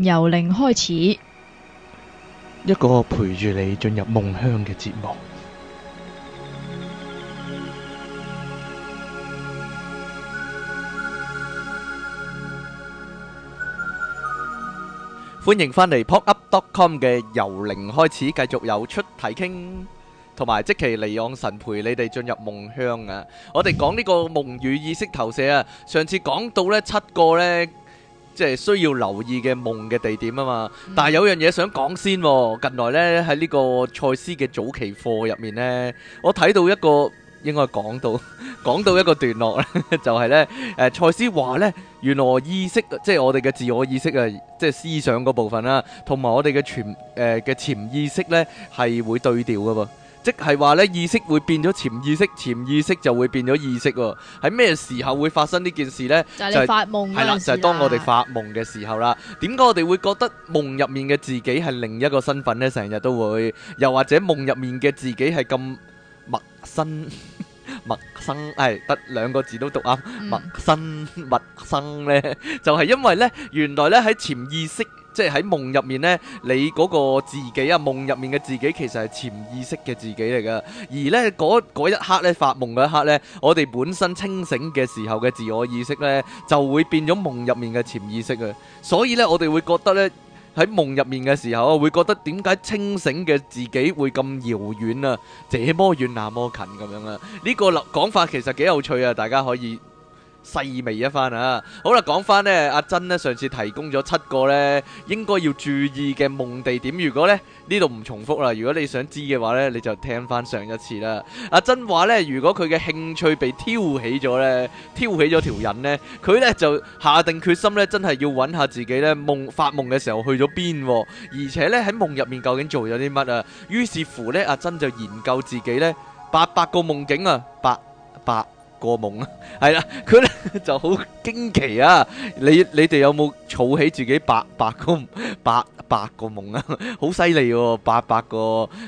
由零開始，一個陪住你進入夢鄉嘅節目。歡迎返嚟 PodUp.com 嘅由零開始，繼續有出體傾，同埋即期利用神陪你哋進入夢鄉啊！我哋講呢個夢與意識投射啊，上次講到呢七個呢。即係需要留意嘅夢嘅地點啊嘛，但係有樣嘢想講先、哦。近來呢，喺呢個賽斯嘅早期課入面呢，我睇到一個應該講到講到一個段落咧， 就係呢誒賽斯話呢：呢「原來意識即係、就是、我哋嘅自我意識啊，即、就、係、是、思想嗰部分啦，同埋我哋嘅潛誒嘅潛意識呢，係會對調嘅噃。即係話呢意識會變咗潛意識，潛意識就會變咗意識喎、哦。喺咩時候會發生呢件事呢？就係、是就是、發夢嘅時候，係啦，就係、是、當我哋發夢嘅時候啦。點解我哋會覺得夢入面嘅自己係另一個身份呢？成日都會，又或者夢入面嘅自己係咁陌生、陌生，係得、哎、兩個字都讀啱，嗯、陌生、陌生呢，就係、是、因為呢，原來呢，喺潛意識。即係喺夢入面呢，你嗰個自己啊，夢入面嘅自己其實係潛意識嘅自己嚟噶。而呢嗰一刻呢，發夢嗰一刻呢，我哋本身清醒嘅時候嘅自我意識呢，就會變咗夢入面嘅潛意識啊。所以呢，我哋會覺得呢，喺夢入面嘅時候啊，會覺得點解清醒嘅自己會咁遙遠啊，這麼遠那麼近咁樣啊。呢個講法其實幾有趣啊，大家可以。細微一番啊！好啦，講翻呢。阿珍呢，上次提供咗七個呢應該要注意嘅夢地點，如果呢呢度唔重複啦，如果你想知嘅話呢，你就聽翻上一次啦。阿珍話呢，如果佢嘅興趣被挑起咗呢，挑起咗條癮呢，佢呢就下定決心呢，真係要揾下自己呢夢，發夢嘅時候去咗邊啊，而且呢，喺夢入面究竟做咗啲乜啊？於是乎呢，阿珍就研究自己呢八百個夢境啊，八百。百個夢啊，係啦，佢咧 就好驚奇啊！你你哋有冇儲起自己八百個八百個夢啊？好犀利喎，八百個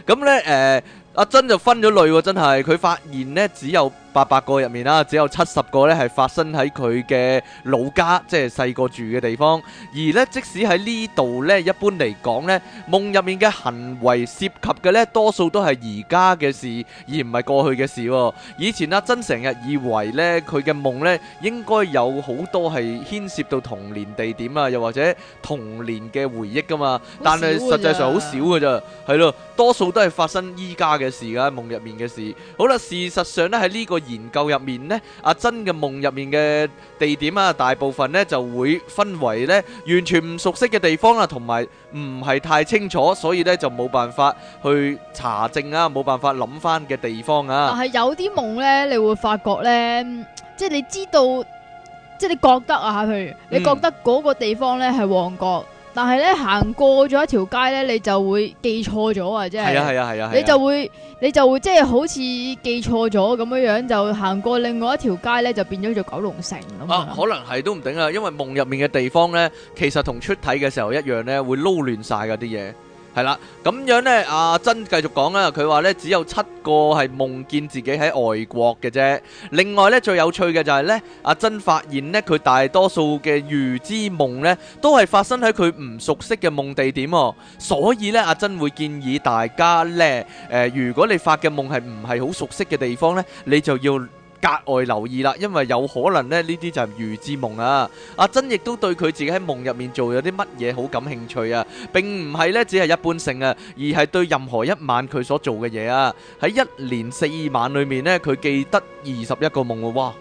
咁咧，誒、呃，阿珍就分咗類喎、啊，真係佢發現咧只有。八百個入面啦，只有七十個咧係發生喺佢嘅老家，即係細個住嘅地方。而呢，即使喺呢度呢，一般嚟講呢，夢入面嘅行為涉及嘅呢，多數都係而家嘅事，而唔係過去嘅事，哦。以前阿真成日以為呢，佢嘅夢呢應該有好多係牽涉到童年地點啊，又或者童年嘅回憶噶嘛。啊，但係實際上好少噶咋，係咯，多數都係發生依家嘅事噶，夢入面嘅事。好啦，事實上呢，喺呢、這個。研究入面咧，阿珍嘅夢入面嘅地點啊，大部分咧就會分為咧完全唔熟悉嘅地方啊，同埋唔係太清楚，所以咧就冇辦法去查證啊，冇辦法諗翻嘅地方啊。但係有啲夢咧，你會發覺咧，即係你知道，即係你覺得啊，譬如你覺得嗰個地方咧係旺角。但係咧，行過咗一條街咧，你就會記錯咗啊！即係，係啊係啊係啊！啊啊你就會，你就會即係、就是、好似記錯咗咁樣樣，就行過另外一條街咧，就變咗做九龍城咁、啊、樣可能係都唔定啊，因為夢入面嘅地方咧，其實同出體嘅時候一樣咧，會撈亂晒嗰啲嘢。係啦，咁樣呢，阿珍繼續講啦，佢話呢，只有七個係夢見自己喺外國嘅啫。另外呢，最有趣嘅就係呢，阿珍發現呢，佢大多數嘅預知夢呢，都係發生喺佢唔熟悉嘅夢地點，哦。所以呢，阿珍會建議大家呢，誒，呃，如果你發嘅夢係唔係好熟悉嘅地方呢，你就要。格外留意啦，因為有可能咧呢啲就係預知夢啊！阿珍亦都對佢自己喺夢入面做有啲乜嘢好感興趣啊，並唔係咧只係一般性啊，而係對任何一晚佢所做嘅嘢啊，喺一年四晚裏面呢，佢記得二十一個夢喎。哇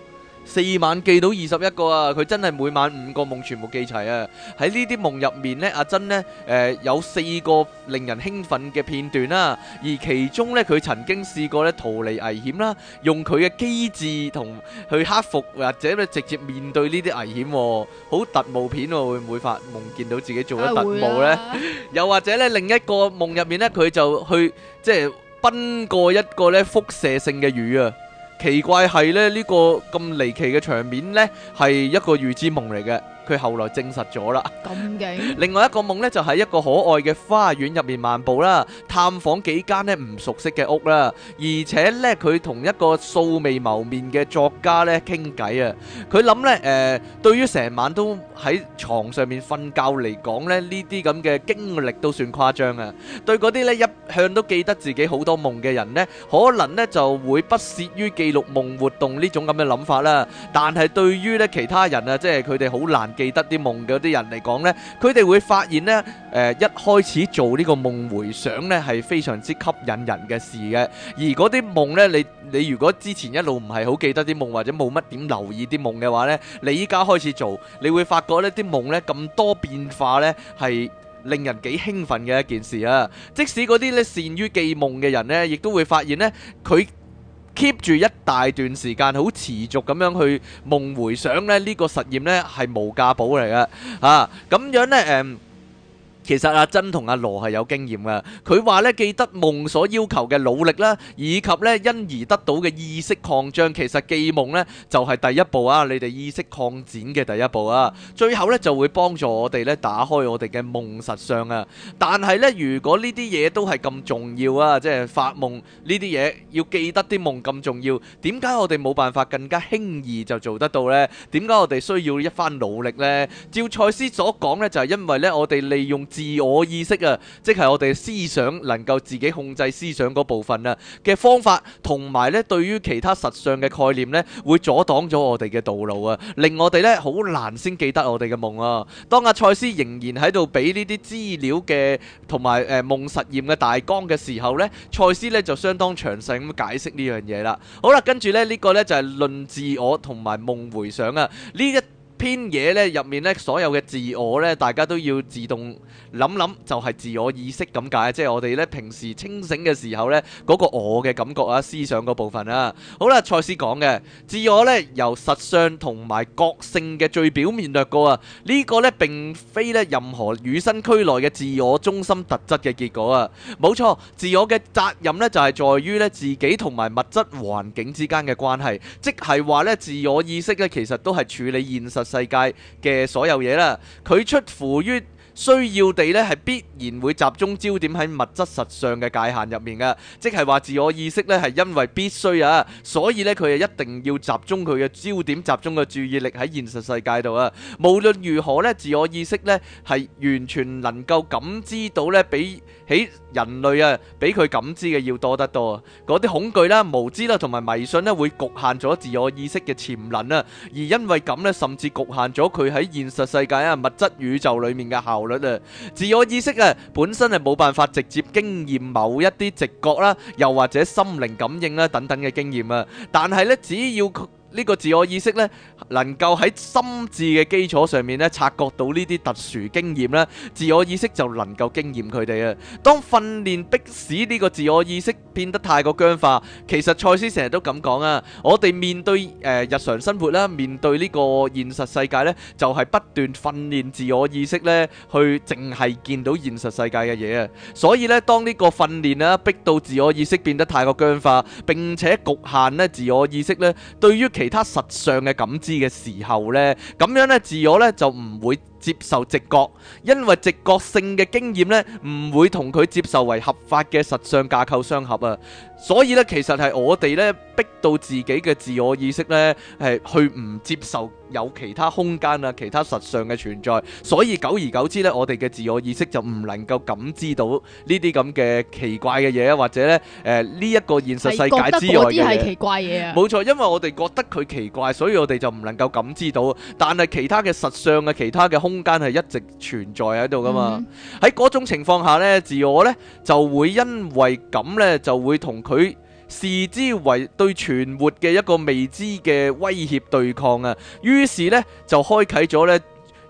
四晚記到二十一個啊！佢真係每晚五個夢全部記齊啊！喺呢啲夢入面咧，阿珍咧誒有四個令人興奮嘅片段啦。而其中咧，佢曾經試過咧逃離危險啦，用佢嘅機智同去克服，或者咧直接面對呢啲危險，好特務片喎，會唔會發夢見到自己做咗特務咧？又或者咧，另一個夢入面咧，佢就去即係奔過一個咧輻射性嘅魚啊！奇怪係咧，呢個咁離奇嘅場面呢，係一個預知夢嚟嘅。佢後來證實咗啦。咁嘅另外一個夢咧，就喺一個可愛嘅花園入面漫步啦，探訪幾間咧唔熟悉嘅屋啦，而且咧佢同一個素未謀面嘅作家咧傾偈啊。佢諗咧誒，對於成晚都喺牀上面瞓覺嚟講咧，呢啲咁嘅經歷都算誇張啊。對嗰啲咧一向都記得自己好多夢嘅人咧，可能咧就會不屑於記錄夢活動呢種咁嘅諗法啦。但係對於咧其他人啊，即係佢哋好難。記得啲夢嘅啲人嚟講呢，佢哋會發現呢，誒、呃、一開始做呢個夢回想呢係非常之吸引人嘅事嘅。而嗰啲夢呢，你你如果之前一路唔係好記得啲夢，或者冇乜點留意啲夢嘅話呢，你依家開始做，你會發覺夢呢啲夢呢咁多變化呢係令人幾興奮嘅一件事啊！即使嗰啲呢，善於記夢嘅人呢，亦都會發現呢。佢。Keep 住一大段時間，好持續咁樣去夢回想咧，呢、呢個實驗咧係無價寶嚟嘅，啊，咁樣咧誒。嗯。其實阿珍同阿羅係有經驗嘅，佢話咧記得夢所要求嘅努力啦，以及咧因而得到嘅意識擴張，其實記夢咧就係第一步啊！你哋意識擴展嘅第一步啊，最後咧就會幫助我哋咧打開我哋嘅夢實相啊！但係咧，如果呢啲嘢都係咁重要啊，即係發夢呢啲嘢要記得啲夢咁重要，點解我哋冇辦法更加輕易就做得到咧？點解我哋需要一番努力咧？照賽斯所講咧，就係因為咧我哋利用自我意識啊，即係我哋思想能夠自己控制思想嗰部分啊嘅方法，同埋咧對於其他實相嘅概念咧，會阻擋咗我哋嘅道路啊，令我哋咧好難先記得我哋嘅夢啊。當阿賽斯仍然喺度俾呢啲資料嘅同埋誒夢實驗嘅大綱嘅時候咧，賽斯咧就相當詳細咁解釋呢樣嘢啦。好啦，跟住咧呢個咧就係論自我同埋夢回想啊呢一篇嘢咧入面咧所有嘅自我咧，大家都要自動諗諗就係自我意識咁解，即係我哋咧平時清醒嘅時候咧，嗰個我嘅感覺啊，思想部分啊。好啦，賽斯講嘅自我咧，由實相同埋覺性嘅最表面略過啊。呢個咧並非咧任何與生俱來嘅自我中心特質嘅結果啊。冇錯，自我嘅責任咧就係在於咧自己同埋物質環境之間嘅關係，即係話咧自我意識咧其實都係處理現實世界嘅所有嘢啦，佢出乎於需要地咧係必然會集中焦點喺物質實相嘅界限入面嘅，即係話自我意識咧係因為必須啊，所以咧佢係一定要集中佢嘅焦點，集中佢嘅注意力喺現實世界度啊。無論如何咧，自我意識咧係完全能夠感知到咧，比起人類啊，比佢感知嘅要多得多。嗰啲恐懼啦、無知啦同埋迷信咧，會侷限咗自我意識嘅潛能啊，而因為咁咧，甚至侷限咗佢喺現實世界啊，物質宇宙裡面嘅效率。自我意識啊，本身係冇辦法直接經驗某一啲直覺啦，又或者心靈感應啦等等嘅經驗啊，但係咧，只要呢個自我意識咧，能夠喺心智嘅基礎上面咧，察覺到呢啲特殊經驗咧，自我意識就能夠經驗佢哋啊。當訓練逼使呢個自我意識變得太過僵化，其實賽斯成日都咁講啊，我哋面對誒、呃、日常生活啦，面對呢個現實世界咧，就係、是、不斷訓練自我意識咧，去淨係見到現實世界嘅嘢啊。所以咧，當個訓練呢個訓練啦，逼到自我意識變得太過僵化並且局限咧，自我意識咧對於其他實相嘅感知嘅時候咧，咁樣咧，自我咧就唔會接受直覺，因為直覺性嘅經驗咧，唔會同佢接受為合法嘅實相架構相合啊。所以咧，其實係我哋咧逼到自己嘅自我意識咧，係去唔接受有其他空間啊、其他實相嘅存在。所以久而久之咧，我哋嘅自我意識就唔能夠感知到呢啲咁嘅奇怪嘅嘢啊，或者咧誒呢一個現實世界之外嘅嘢。覺得嗰啲係奇怪嘢啊！冇錯，因為我哋覺得佢奇怪，所以我哋就唔能夠感知到。但係其他嘅實相啊，其他嘅空。空間係一直存在喺度噶嘛？喺嗰、mm hmm. 種情況下呢，自我呢就會因為咁呢，就會同佢視之為對存活嘅一個未知嘅威脅對抗啊。於是呢，就開啟咗呢。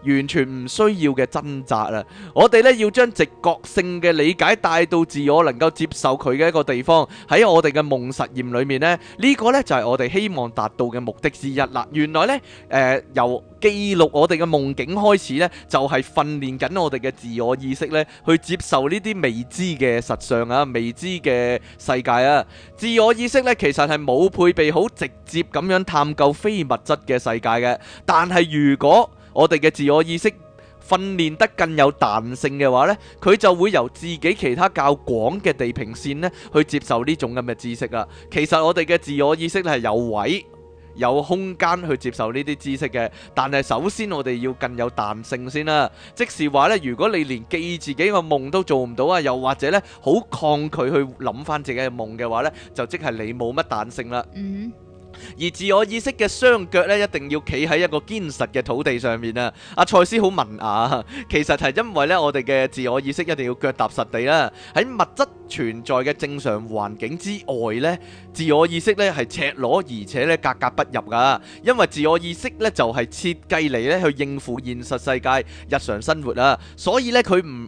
完全唔需要嘅掙扎啦！我哋呢，要將直覺性嘅理解帶到自我能夠接受佢嘅一個地方，喺我哋嘅夢實驗裏面、這個、呢，呢個呢就係、是、我哋希望達到嘅目的之一啦。原來呢，誒、呃，由記錄我哋嘅夢境開始呢，就係訓練緊我哋嘅自我意識呢，去接受呢啲未知嘅實相啊，未知嘅世界啊。自我意識呢，其實係冇配備好直接咁樣探究非物質嘅世界嘅，但係如果我哋嘅自我意識訓練得更有彈性嘅話呢，佢就會由自己其他較廣嘅地平線呢去接受呢種咁嘅知識啦。其實我哋嘅自我意識係有位有空間去接受呢啲知識嘅，但係首先我哋要更有彈性先啦。即是話呢，如果你連記自己個夢都做唔到啊，又或者呢好抗拒去諗翻自己嘅夢嘅話呢，就即係你冇乜彈性啦。嗯、mm。Hmm. 而自我意識嘅雙腳咧，一定要企喺一個堅實嘅土地上面啊！阿賽斯好文雅，其實係因為咧，我哋嘅自我意識一定要腳踏實地啦。喺物質存在嘅正常環境之外咧，自我意識咧係赤裸，而且咧格格不入噶。因為自我意識咧就係設計嚟咧去應付現實世界日常生活啊，所以咧佢唔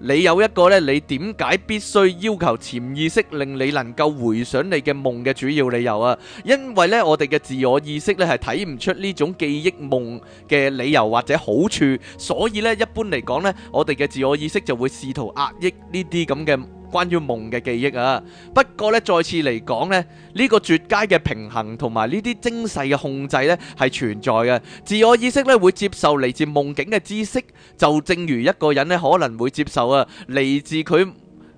你有一個咧，你點解必須要求潛意識令你能夠回想你嘅夢嘅主要理由啊？因為咧，我哋嘅自我意識咧係睇唔出呢種記憶夢嘅理由或者好處，所以咧一般嚟講咧，我哋嘅自我意識就會試圖壓抑呢啲咁嘅關於夢嘅記憶啊，不過呢，再次嚟講呢，呢個絕佳嘅平衡同埋呢啲精細嘅控制呢，係存在嘅。自我意識呢會接受嚟自夢境嘅知識，就正如一個人呢可能會接受啊嚟自佢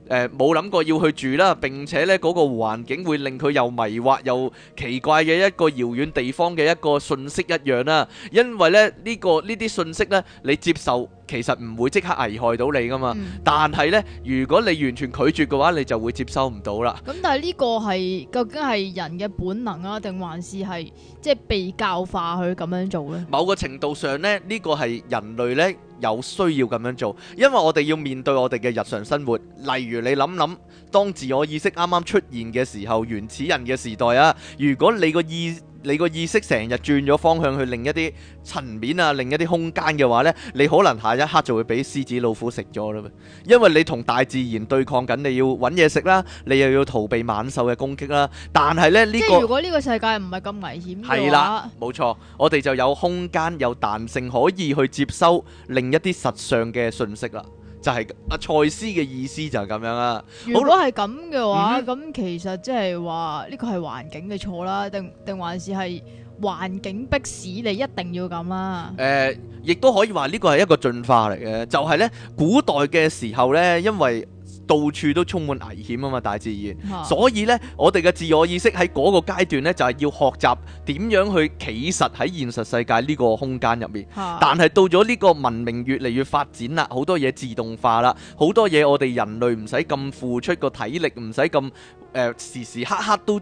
誒冇諗過要去住啦，並且呢個環境會令佢又迷惑又奇怪嘅一個遙遠地方嘅一個訊息一樣啦。因為呢呢個呢啲訊息呢，你接受。其實唔會即刻危害到你噶嘛，嗯、但係呢，如果你完全拒絕嘅話，你就會接收唔到啦。咁、嗯、但係呢個係究竟係人嘅本能啊，定還是係即係被教化去咁樣做呢？某個程度上呢，呢、呢個係人類呢有需要咁樣做，因為我哋要面對我哋嘅日常生活。例如你諗諗，當自我意識啱啱出現嘅時候，原始人嘅時代啊，如果你個意你個意識成日轉咗方向去另一啲層面啊，另一啲空間嘅話呢，你可能下一刻就會俾獅子老虎食咗啦，因為你同大自然對抗緊，你要揾嘢食啦，你又要逃避猛獸嘅攻擊啦。但係咧呢個，即係如果呢個世界唔係咁危險嘅話，係啦，冇錯，我哋就有空間有彈性可以去接收另一啲實相嘅信息啦。就係、是、阿賽斯嘅意思就係咁樣啦。如果係咁嘅話，咁、嗯、哼其實即係話呢個係環境嘅錯啦，定定還是係環境逼使你一定要咁啦、啊？誒、呃，亦都可以話呢個係一個進化嚟嘅，就係、是、呢古代嘅時候呢，因為。到處都充滿危險啊嘛！大自然， 所以呢，我哋嘅自我意識喺嗰個階段呢，就係、是、要學習點樣去企實喺現實世界呢個空間入面。 但係到咗呢個文明越嚟越發展啦，好多嘢自動化啦，好多嘢我哋人類唔使咁付出個體力，唔使咁誒時時刻刻都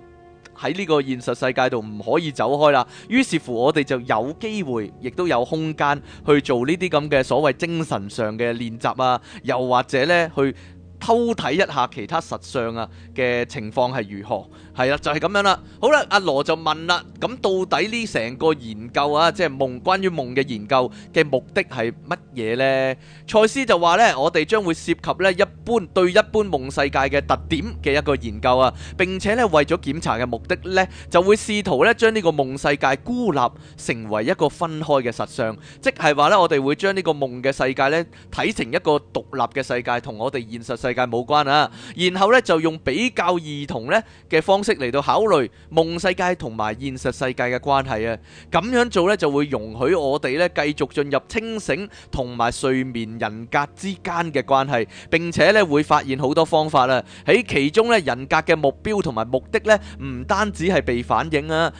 喺呢個現實世界度唔可以走開啦。於是乎，我哋就有機會，亦都有空間去做呢啲咁嘅所謂精神上嘅練習啊，又或者呢去偷睇一下其他實相啊嘅情況係如何？係啦，就係咁樣啦。好啦，阿羅就問啦，咁到底呢成個研究啊，即係夢關於夢嘅研究嘅目的係乜嘢呢？賽斯就話呢，我哋將會涉及呢一般對一般夢世界嘅特點嘅一個研究啊，並且呢，為咗檢查嘅目的呢，就會試圖呢將呢個夢世界孤立成為一個分開嘅實相，即係話呢，我哋會將呢個夢嘅世界呢睇成一個獨立嘅世界，同我哋現實世界冇關啊。然後呢，就用比較異同呢嘅方式。嚟到考慮夢世界同埋現實世界嘅關係啊，咁樣做咧就會容許我哋咧繼續進入清醒同埋睡眠人格之間嘅關係，並且咧會發現好多方法啦，喺其中咧人格嘅目標同埋目的咧唔單止係被反映啊。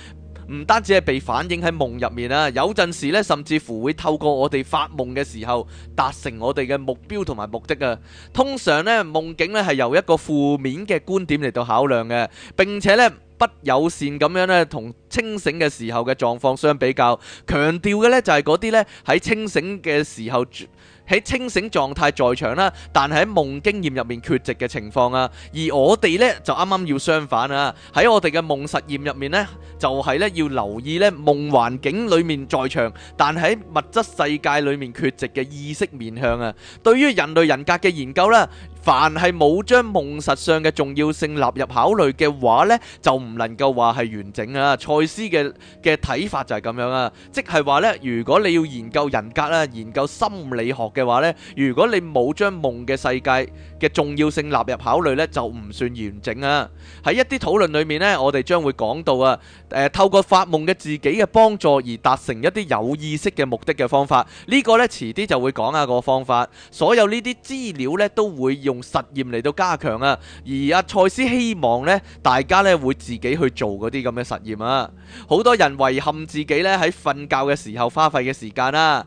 唔單止係被反映喺夢入面啊，有陣時咧，甚至乎會透過我哋發夢嘅時候達成我哋嘅目標同埋目的啊。通常咧，夢境咧係由一個負面嘅觀點嚟到考量嘅，並且咧不友善咁樣咧同清醒嘅時候嘅狀況相比較，強調嘅咧就係嗰啲咧喺清醒嘅時候。喺清醒狀態在場啦，但係喺夢經驗入面缺席嘅情況啊，而我哋呢，就啱啱要相反啊，喺我哋嘅夢實驗入面呢，就係呢要留意呢夢環境裏面在場，但係喺物質世界裏面缺席嘅意識面向啊，對於人類人格嘅研究呢。凡係冇將夢實上嘅重要性納入考慮嘅話咧，就唔能夠話係完整啊！賽斯嘅嘅睇法就係咁樣啊，即係話咧，如果你要研究人格啦、研究心理學嘅話咧，如果你冇將夢嘅世界嘅重要性納入考慮咧，就唔算完整啊！喺一啲討論裏面咧，我哋將會講到啊，誒透過發夢嘅自己嘅幫助而達成一啲有意識嘅目的嘅方法，呢個咧遲啲就會講下個方法。所有呢啲資料咧都會要用實驗嚟到加強啊，而阿賽斯希望呢，大家呢會自己去做嗰啲咁嘅實驗啊。好多人遺憾自己呢喺瞓覺嘅時候花費嘅時間啦。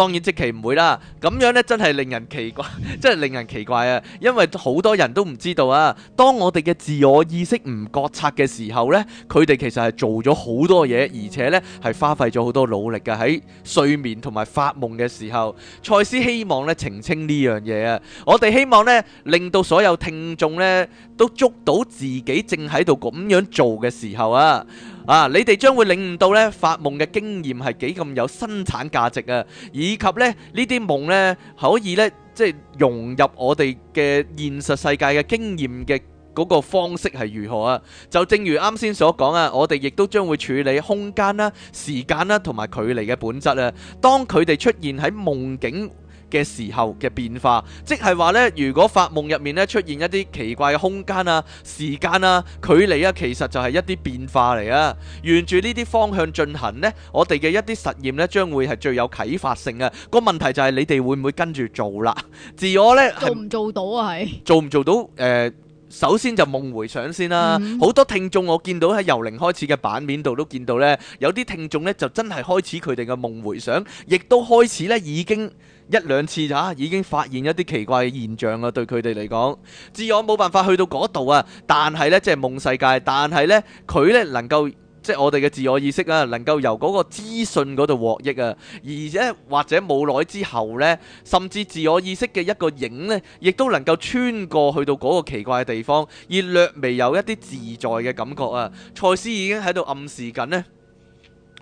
當然，即其唔會啦。咁樣咧，真係令人奇怪，真係令人奇怪啊！因為好多人都唔知道啊。當我哋嘅自我意識唔覺察嘅時候咧，佢哋其實係做咗好多嘢，而且咧係花費咗好多努力嘅喺睡眠同埋發夢嘅時候。賽斯希望咧澄清呢樣嘢啊！我哋希望咧令到所有聽眾咧都捉到自己正喺度咁樣做嘅時候啊！啊！你哋將會領悟到咧發夢嘅經驗係幾咁有生產價值啊，以及咧呢啲夢咧可以咧即係融入我哋嘅現實世界嘅經驗嘅嗰個方式係如何啊？就正如啱先所講啊，我哋亦都將會處理空間啦、啊、時間啦同埋距離嘅本質啊，當佢哋出現喺夢境嘅時候嘅變化，即係話呢，如果發夢入面呢，出現一啲奇怪嘅空間啊、時間啊、距離啊，其實就係一啲變化嚟啊。沿住呢啲方向進行呢，我哋嘅一啲實驗呢將會係最有啟發性啊。個問題就係你哋會唔會跟住做啦？自我呢，做唔做到啊？係做唔做到？誒、呃，首先就夢回想先啦。好、嗯、多聽眾我見到喺由零開始嘅版面度都見到呢，有啲聽眾呢就真係開始佢哋嘅夢回想，亦都開始呢已經。一兩次就啊，已經發現一啲奇怪嘅現象啦，對佢哋嚟講，自我冇辦法去到嗰度啊。但係呢，即係夢世界，但係呢，佢呢能夠即係我哋嘅自我意識啊，能夠由嗰個資訊嗰度獲益啊。而且或者冇耐之後呢，甚至自我意識嘅一個影呢，亦都能夠穿過去到嗰個奇怪嘅地方，而略微有一啲自在嘅感覺啊。賽斯已經喺度暗示緊呢。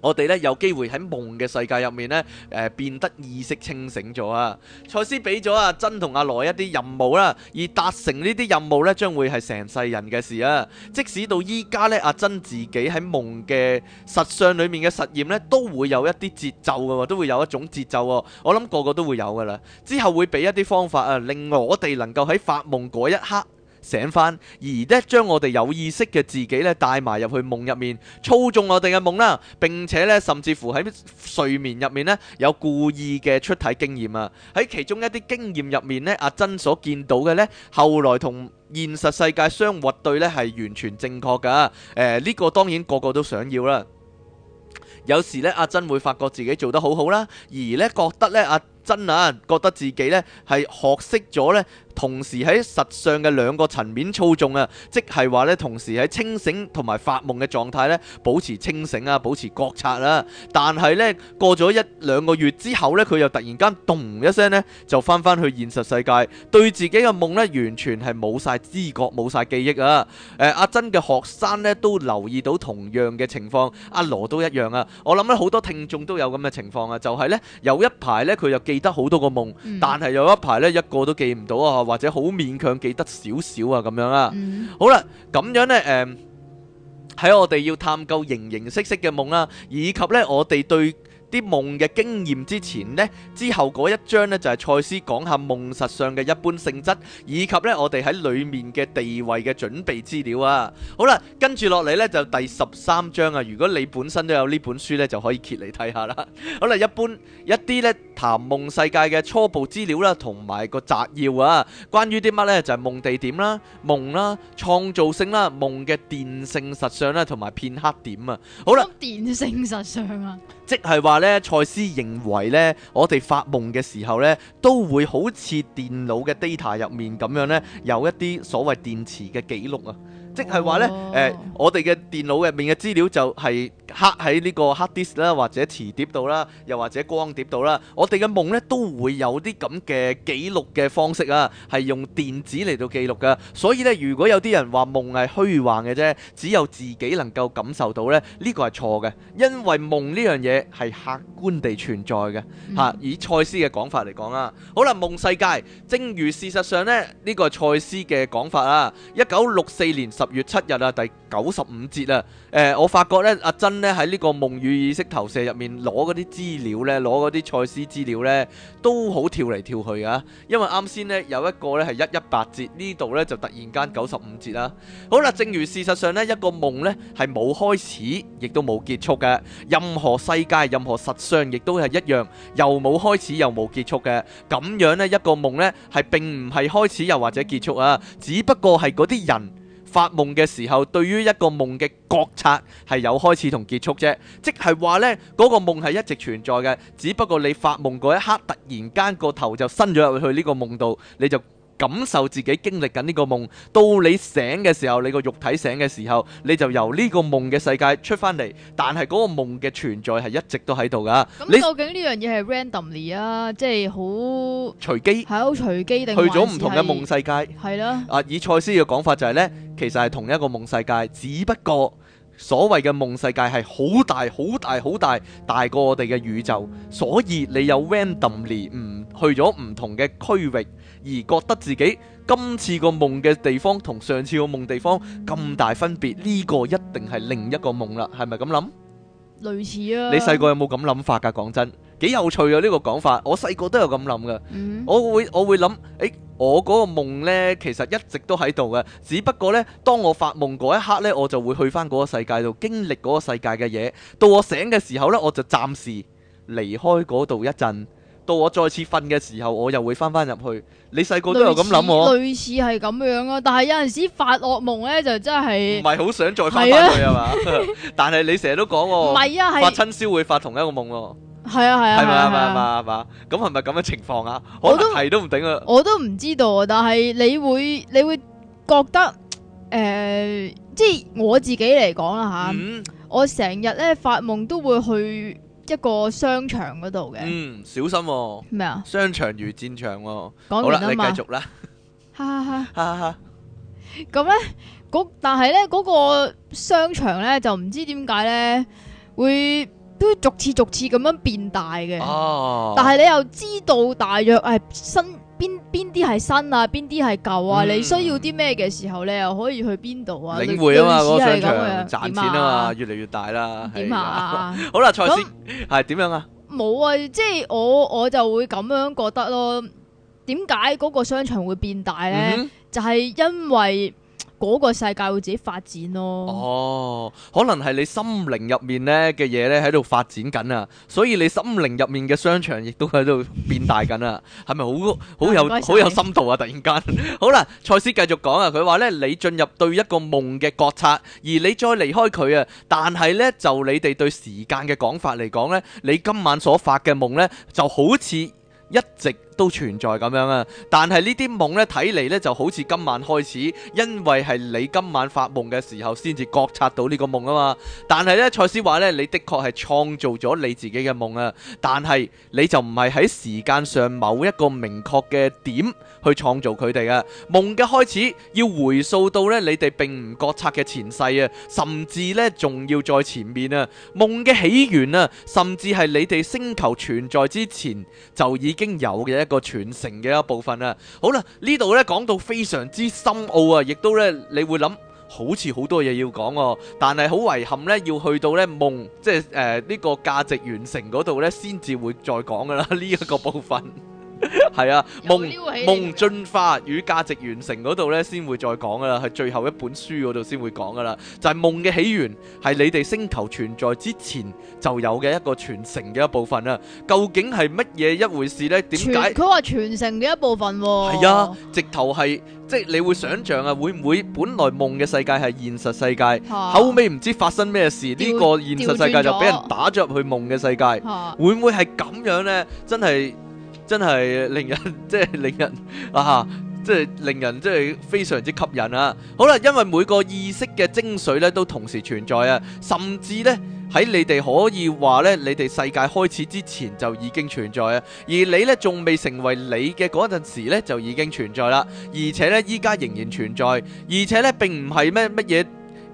我哋咧有機會喺夢嘅世界入面咧，誒、呃、變得意識清醒咗啊！賽斯俾咗阿珍同阿羅一啲任務啦、啊，而達成呢啲任務咧，將會係成世人嘅事啊！即使到依家咧，阿珍自己喺夢嘅實相裏面嘅實驗咧，都會有一啲節奏嘅喎、啊，都會有一種節奏喎、啊。我諗個個都會有噶啦，之後會俾一啲方法啊，令我哋能夠喺發夢嗰一刻。醒翻，而呢將我哋有意識嘅自己呢帶埋入去夢入面，操縱我哋嘅夢啦，並且呢，甚至乎喺睡眠入面呢，有故意嘅出體經驗啊！喺其中一啲經驗入面呢，阿珍所見到嘅呢，後來同現實世界相核對呢，係完全正確噶。誒、呃、呢、呢個當然個個都想要啦。有時呢，阿珍會發覺自己做得好好啦，而呢覺得呢。阿、啊。真啊，覺得自己咧係學識咗咧，同時喺實相嘅兩個層面操縱啊，即係話咧同時喺清醒同埋發夢嘅狀態咧，保持清醒啊，保持覺察啊。但係咧過咗一兩個月之後咧，佢又突然間咚一聲咧，就翻返去現實世界，對自己嘅夢咧完全係冇曬知覺，冇曬記憶啊！誒，阿真嘅學生咧都留意到同樣嘅情況，阿羅都一樣啊！我諗咧好多聽眾都有咁嘅情況啊，就係咧有一排咧佢又記。記得好多個夢，但係有一排咧一個都記唔到啊，或者好勉強記得少少啊咁樣啊。嗯、好啦，咁樣呢，誒、呃，喺我哋要探究形形色色嘅夢啦，以及呢，我哋對。啲夢嘅經驗之前呢，之後嗰一章呢，就係賽斯講下夢實相嘅一般性質，以及呢，我哋喺裏面嘅地位嘅準備資料啊。好啦，跟住落嚟呢，就第十三章啊。如果你本身都有呢本書呢，就可以揭嚟睇下啦。好啦，一般一啲呢，談夢世界嘅初步資料啦，同埋個摘要啊。關於啲乜呢？就係、是、夢地點啦、夢啦、創造性啦、夢嘅電性實相啦，同埋片刻點啊。好啦，電性實相啊，即係話。蔡斯認為咧，我哋發夢嘅時候咧，都會好似電腦嘅 data 入面咁樣咧，有一啲所謂電磁嘅記錄啊。即係話咧，誒、呃、我哋嘅電腦入面嘅資料就係刻喺呢個 hard disk 啦，或者磁碟度啦，又或者光碟度啦。我哋嘅夢咧都會有啲咁嘅記錄嘅方式啊，係用電子嚟到記錄嘅。所以咧，如果有啲人話夢係虛幻嘅啫，只有自己能夠感受到咧，呢個係錯嘅，因為夢呢樣嘢係客觀地存在嘅。吓， 以賽斯嘅講法嚟講啊，好啦，夢世界，正如事實上咧，呢、這個賽斯嘅講法啊，一九六四年十。月七日啊，第九十五節啊，誒，我發覺呢，阿珍呢喺呢個夢與意識投射入面攞嗰啲資料呢，攞嗰啲賽斯資料呢，都好跳嚟跳去啊。因為啱先呢，有一個呢係一一八節，呢度呢就突然間九十五節啦。好啦，正如事實上呢，一個夢呢係冇開始，亦都冇結束嘅，任何世界，任何實相，亦都係一樣，又冇開始，又冇結束嘅。咁樣呢，一個夢呢係並唔係開始又或者結束啊，只不過係嗰啲人。發夢嘅時候，對於一個夢嘅覺察係有開始同結束啫，即係話呢，嗰個夢係一直存在嘅，只不過你發夢嗰一刻，突然間個頭就伸咗入去呢個夢度，你就，感受自己經歷緊呢個夢，到你醒嘅時候，你個肉體醒嘅時候，你就由呢個夢嘅世界出翻嚟。但係嗰個夢嘅存在係一直都喺度噶。咁究竟呢樣嘢係 randomly 啊，即係好隨機，係好隨機定去咗唔同嘅夢世界？係啦。啊，以賽斯嘅講法就係咧，其實係同一個夢世界，只不過所謂嘅夢世界係好大、好大、好大，大過我哋嘅宇宙，所以你有 randomly 唔去咗唔同嘅區域。而覺得自己今次個夢嘅地方同上次個夢地方咁大分別，呢個一定係另一個夢啦，係咪咁諗？類似啊！你細個有冇咁諗法㗎？講真幾有趣啊！呢個講法，我細個都有咁諗㗎。我會我會諗，誒，我嗰個夢呢，其實一直都喺度嘅，只不過呢，當我發夢嗰一刻呢，我就會去返嗰個世界度經歷嗰個世界嘅嘢，到我醒嘅時候呢，我就暫時離開嗰度一陣。到我再次瞓嘅時候，我又會翻翻入去。你細個都有咁諗，類似係咁我樣咯。但係有陣時發惡夢咧，就真係唔係好想再發翻、啊、去啊吧嘛？ 但係你成日都講我發親宵會發同一個夢咯。係啊係啊，係嘛係嘛係嘛，咁係咪咁嘅情況啊？我都係都唔頂啊！我都唔知道，但係你會你會覺得誒、呃，即係我自己嚟講啦吓，嗯、我成日咧發夢都會去。一個商場嗰度嘅，嗯，小心咩、喎、啊？商場如戰場、喎，好啦，你繼續啦，哈哈哈，哈哈哈，咁咧，但係咧，嗰個商場咧就唔知點解咧，會都逐次逐次咁樣變大嘅，哦、啊，但係你又知道大約係新。邊邊啲係新啊，邊啲係舊啊？嗯、你需要啲咩嘅時候你又可以去邊度啊？領匯啊嘛，嗰商場賺錢啊嘛，越嚟越大啦。點啊？好啦，蔡生係點樣啊？冇啊，即係我我就會咁樣覺得咯。點解嗰個商場會變大咧？嗯、哼就係因為。嗰個世界會自己發展咯。哦，可能係你心靈入面咧嘅嘢咧喺度發展緊啊，所以你心靈入面嘅商場亦都喺度變大緊啊，係咪好好有好有深度啊？突然間，好啦，賽斯繼續講啊，佢話咧你進入對一個夢嘅覺察，而你再離開佢啊，但係咧就你哋對時間嘅講法嚟講咧，你今晚所發嘅夢咧就好似一直。都存在咁樣啊，但係呢啲夢咧睇嚟咧就好似今晚開始，因為係你今晚發夢嘅時候先至覺察到呢個夢啊嘛。但係咧，賽斯話咧，你的確係創造咗你自己嘅夢啊，但係你就唔係喺時間上某一個明確嘅點去創造佢哋啊，夢嘅開始，要回溯到咧你哋並唔覺察嘅前世啊，甚至咧仲要在前面啊，夢嘅起源啊，甚至係你哋星球存在之前就已經有嘅一。個傳承嘅一部分啦，好啦，呢度呢講到非常之深奧啊，亦都呢你會諗，好似好多嘢要講，但係好遺憾呢，要去到呢夢，即係誒呢個價值完成嗰度呢，先至會再講噶啦呢一個部分。係啊，夢夢進化與價值完成嗰度咧，先會再講噶啦，係最後一本書嗰度先會講噶啦。就係夢嘅起源，係你哋星球存在之前就有嘅一個傳承嘅一部分啦。究竟係乜嘢一回事咧？點解？佢話傳承嘅一部分喎？係啊，直頭係，即係你會想象啊，會唔會本來夢嘅世界係現實世界，後尾唔知發生咩事，呢個現實世界就俾人打咗入去夢嘅世界，會唔會係咁樣咧？真係。真係令人，即係令人啊，即係令人，即係非常之吸引啊！好啦，因為每個意識嘅精髓咧，都同時存在啊，甚至呢，喺你哋可以話呢，你哋世界開始之前就已經存在啊，而你呢仲未成為你嘅嗰陣時呢就已經存在啦，而且呢，依家仍然存在，而且呢並唔係咩乜嘢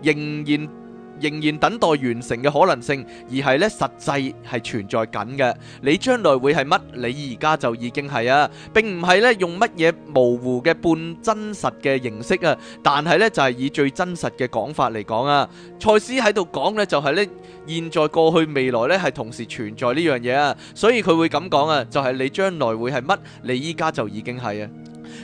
仍然。仍然等待完成嘅可能性，而係呢，實際係存在緊嘅。你將來會係乜？你而家就已經係啊，並唔係呢，用乜嘢模糊嘅半真實嘅形式啊，但係呢，就係以最真實嘅講法嚟講啊。賽斯喺度講呢，就係呢，現在過去未來呢，係同時存在呢樣嘢啊，所以佢會咁講啊，就係你將來會係乜？你而家就已經係啊。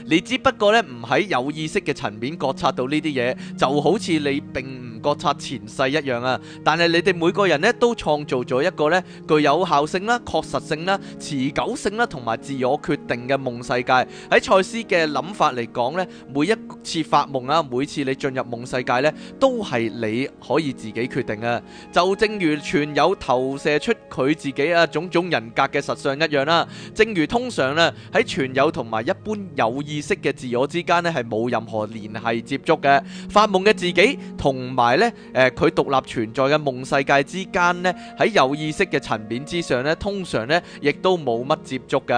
你只不過咧唔喺有意識嘅層面覺察到呢啲嘢，就好似你並唔覺察前世一樣啊！但係你哋每個人咧都創造咗一個咧具有效性啦、確實性啦、持久性啦同埋自我決定嘅夢世界。喺賽斯嘅諗法嚟講咧，每一次發夢啊！每次你進入夢世界呢，都係你可以自己決定啊。就正如全有投射出佢自己啊種種人格嘅實相一樣啦。正如通常呢，喺全有同埋一般有意識嘅自我之間呢，係冇任何聯繫接觸嘅。發夢嘅自己同埋呢，誒佢獨立存在嘅夢世界之間呢，喺有意識嘅層面之上呢，通常呢，亦都冇乜接觸㗎。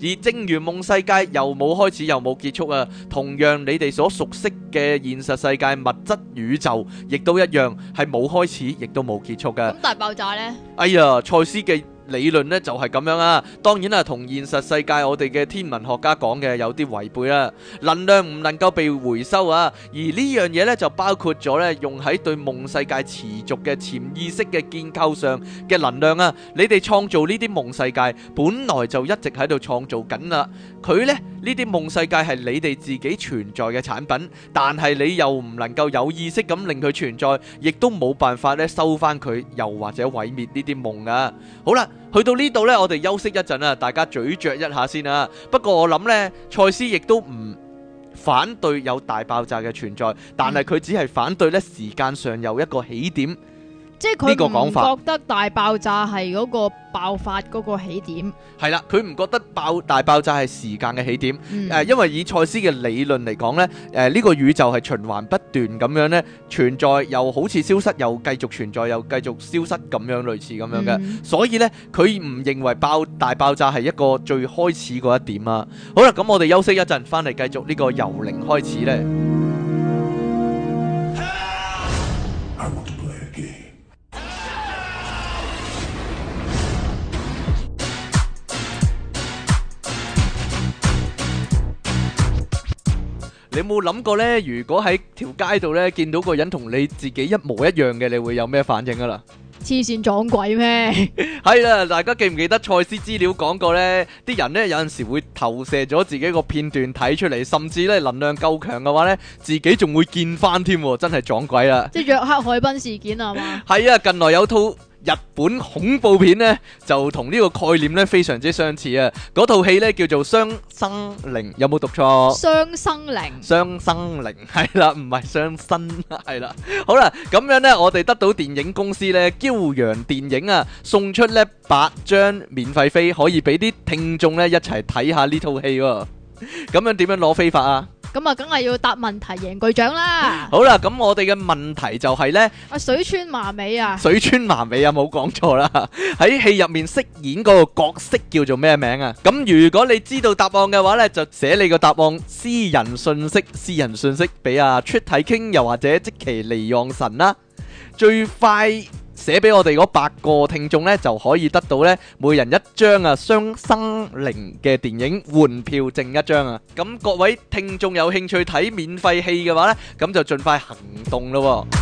而正如夢世界又冇開始又冇結束啊，同樣你哋。所熟悉嘅現實世界物質宇宙，亦都一樣係冇開始，亦都冇結束嘅。咁大爆炸呢？哎呀，蔡司嘅。理論咧就係咁樣啊，當然啊同現實世界我哋嘅天文學家講嘅有啲違背啦。能量唔能夠被回收啊，而呢樣嘢咧就包括咗咧用喺對夢世界持續嘅潛意識嘅建構上嘅能量啊。你哋創造呢啲夢世界本來就一直喺度創造緊啦，佢呢呢啲夢世界係你哋自己存在嘅產品，但係你又唔能夠有意識咁令佢存在，亦都冇辦法咧收翻佢，又或者毀滅呢啲夢啊。好啦。去到呢度呢，我哋休息一陣啊，大家咀嚼一下先啊。不過我諗呢，賽斯亦都唔反對有大爆炸嘅存在，但係佢只係反對呢時間上有一個起點。即係佢唔覺得大爆炸係嗰個爆發嗰個起點，係啦，佢唔覺得爆大爆炸係時間嘅起點。誒，嗯、因為以賽斯嘅理論嚟講咧，誒、呃、呢、這個宇宙係循環不斷咁樣呢存在，又好似消失，又繼續存在，又繼續消失咁樣，類似咁樣嘅。嗯、所以呢，佢唔認為爆大爆炸係一個最開始嗰一點啊。好啦，咁我哋休息一陣，翻嚟繼續呢個由零開始呢。啊有冇諗過呢？如果喺條街度呢，見到個人同你自己一模一樣嘅，你會有咩反應噶啦？黐線，撞鬼咩？係啦，大家記唔記得賽斯資料講過呢？啲人呢，有陣時會投射咗自己個片段睇出嚟，甚至呢，能量夠強嘅話呢，自己仲會見翻添，真係撞鬼啦！即係約克海濱事件啊嘛？係啊，近來有套。日本恐怖片呢，就同呢個概念呢非常之相似啊！嗰套戲呢叫做《雙生靈》，有冇讀錯？雙生靈，雙生靈係啦，唔係雙生係啦。好啦，咁樣呢，我哋得到電影公司呢，驕陽電影啊，送出呢八張免費飛，可以俾啲聽眾呢一齊睇下呢套戲喎。咁樣點樣攞飛法啊？咁啊，梗係要答問題贏巨獎啦！ 好啦，咁我哋嘅問題就係呢。阿、啊、水川麻美啊，水川麻美啊，冇講錯啦，喺戲入面飾演嗰個角色叫做咩名啊？咁如果你知道答案嘅話呢，就寫你個答案，私人信息，私人信息，俾阿、啊、出體傾，又或者即其離讓神啦、啊，最快。寫俾我哋嗰八個聽眾咧，就可以得到咧，每人一張啊《雙生靈》嘅電影換票證一張啊！咁各位聽眾有興趣睇免費戲嘅話咧，咁就盡快行動咯～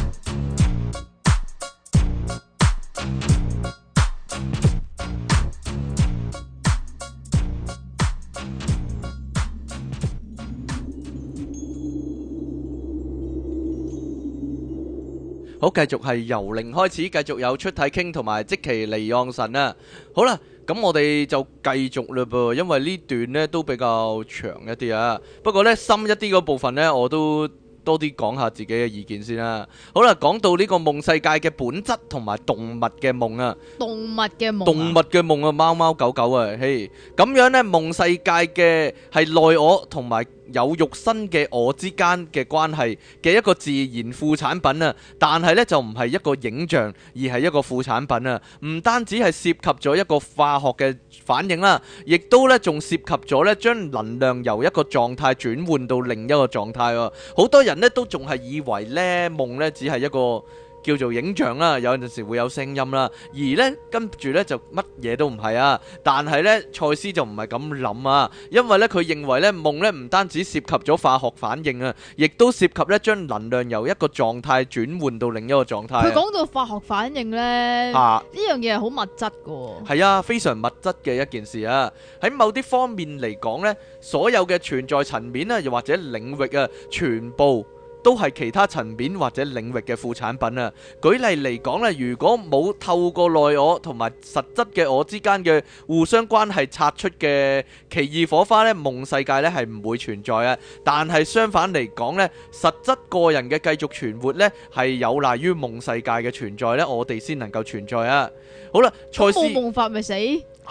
好，繼續係由零開始，繼續有出體傾同埋即其離盎神啊！好啦，咁我哋就繼續嘞噃，因為呢段咧都比較長一啲啊。不過咧深一啲個部分咧，我都多啲講下自己嘅意見先啦。好啦，講到呢個夢世界嘅本質同埋動物嘅夢啊，動物嘅夢啊，動物嘅夢啊，貓貓狗狗啊，嘿，咁樣咧夢世界嘅係內我同埋有肉身嘅我之間嘅關係嘅一個自然副產品啊，但係呢就唔係一個影像，而係一個副產品啊。唔單止係涉及咗一個化學嘅反應啦，亦都呢仲涉及咗呢將能量由一個狀態轉換到另一個狀態。好多人呢都仲係以為呢夢呢只係一個。叫做影像啦，有陣時會有聲音啦，而呢跟住呢就乜嘢都唔係啊。但係呢，賽斯就唔係咁諗啊，因為呢佢認為呢夢呢唔單止涉及咗化學反應啊，亦都涉及呢將能量由一個狀態轉換到另一個狀態。佢講到化學反應呢，呢樣嘢係好物質㗎喎。係啊，非常物質嘅一件事啊。喺某啲方面嚟講呢，所有嘅存在層面啊，又或者領域啊，全部，都係其他層面或者領域嘅副產品啊！舉例嚟講咧，如果冇透過內我同埋實質嘅我之間嘅互相關係擦出嘅奇異火花呢，夢世界呢係唔會存在啊！但係相反嚟講呢，實質個人嘅繼續存活呢，係有賴於夢世界嘅存在呢，我哋先能夠存在啊！好啦，蔡司冇夢法咪死。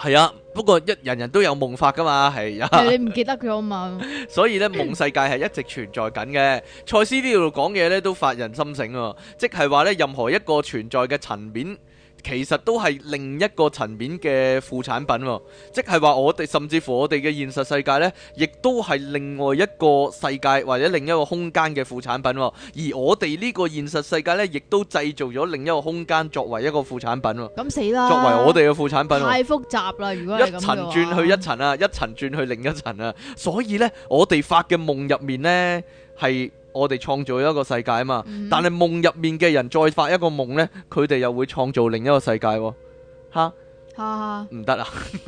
係啊 音 CCTV，不過一人人都有夢法噶嘛，係啊。你唔記得佢好嘛？ 所以咧，夢世界係一直存在緊嘅。賽斯呢度講嘢咧， 都發人心醒啊，即係話咧，任何一個存在嘅層面，其實都係另一個層面嘅副產品喎、哦，即係話我哋甚至乎我哋嘅現實世界呢，亦都係另外一個世界或者另一個空間嘅副產品喎、哦。而我哋呢個現實世界呢，亦都製造咗另一個空間作為一個副產品喎、哦。咁死啦！作為我哋嘅副產品、哦、太複雜啦，如果一層轉去一層啊，一層轉去另一層啊，所以呢，我哋發嘅夢入面呢係。我哋創造一個世界啊嘛，但係夢入面嘅人再發一個夢咧，佢哋又會創造另一個世界，吓吓，唔得啊，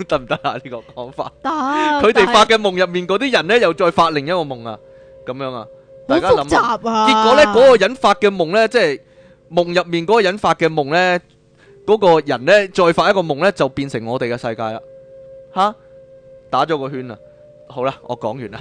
得唔得啊？呢個講法，得，佢哋發嘅夢入面嗰啲人咧，又再發另一個夢啊，咁樣啊，大家諗啊，結果咧，嗰個人發嘅夢咧，即係夢入面嗰個人發嘅夢咧，嗰個人咧再發一個夢咧，就變成我哋嘅世界啦，吓，打咗個圈啦，好啦，我講完啦。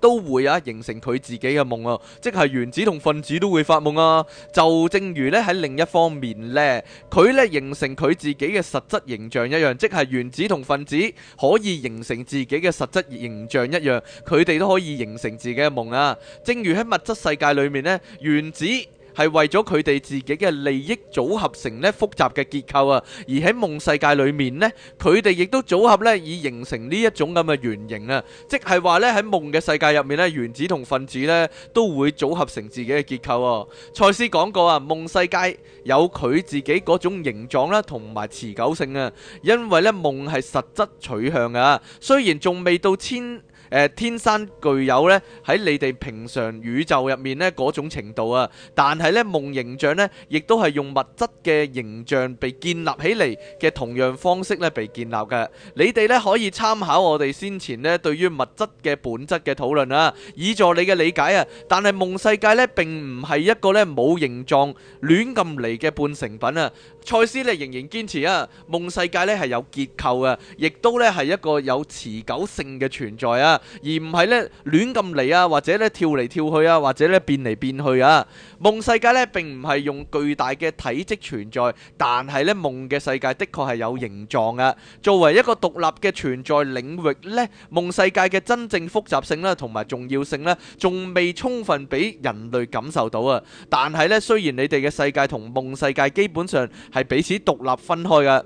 都會啊，形成佢自己嘅夢啊，即係原子同分子都會發夢啊。就正如咧喺另一方面呢，佢咧形成佢自己嘅實質形象一樣，即係原子同分子可以形成自己嘅實質形象一樣，佢哋都可以形成自己嘅夢啊。正如喺物質世界裏面呢，原子。係為咗佢哋自己嘅利益組合成咧複雜嘅結構啊，而喺夢世界裏面呢，佢哋亦都組合咧以形成呢一種咁嘅原型啊，即係話呢，喺夢嘅世界入面咧，原子同分子呢都會組合成自己嘅結構啊。賽斯講過啊，夢世界有佢自己嗰種形狀啦，同埋持久性啊，因為呢夢係實質取向啊，雖然仲未到千。天生具有咧喺你哋平常宇宙入面咧嗰種程度啊，但係咧夢形象咧亦都係用物質嘅形象被建立起嚟嘅同樣方式咧被建立嘅。你哋咧可以參考我哋先前咧對於物質嘅本質嘅討論啊，以助你嘅理解啊。但係夢世界咧並唔係一個咧冇形狀亂咁嚟嘅半成品啊。賽斯咧仍然堅持啊，夢世界咧係有結構啊，亦都咧係一個有持久性嘅存在啊，而唔係咧亂咁嚟啊，或者咧跳嚟跳去啊，或者咧變嚟變去啊。夢世界咧並唔係用巨大嘅體積存在，但係咧夢嘅世界的確係有形狀啊。作為一個獨立嘅存在領域咧，夢世界嘅真正複雜性啦，同埋重要性咧，仲未充分俾人類感受到啊。但係咧，雖然你哋嘅世界同夢世界基本上，係彼此獨立分開嘅，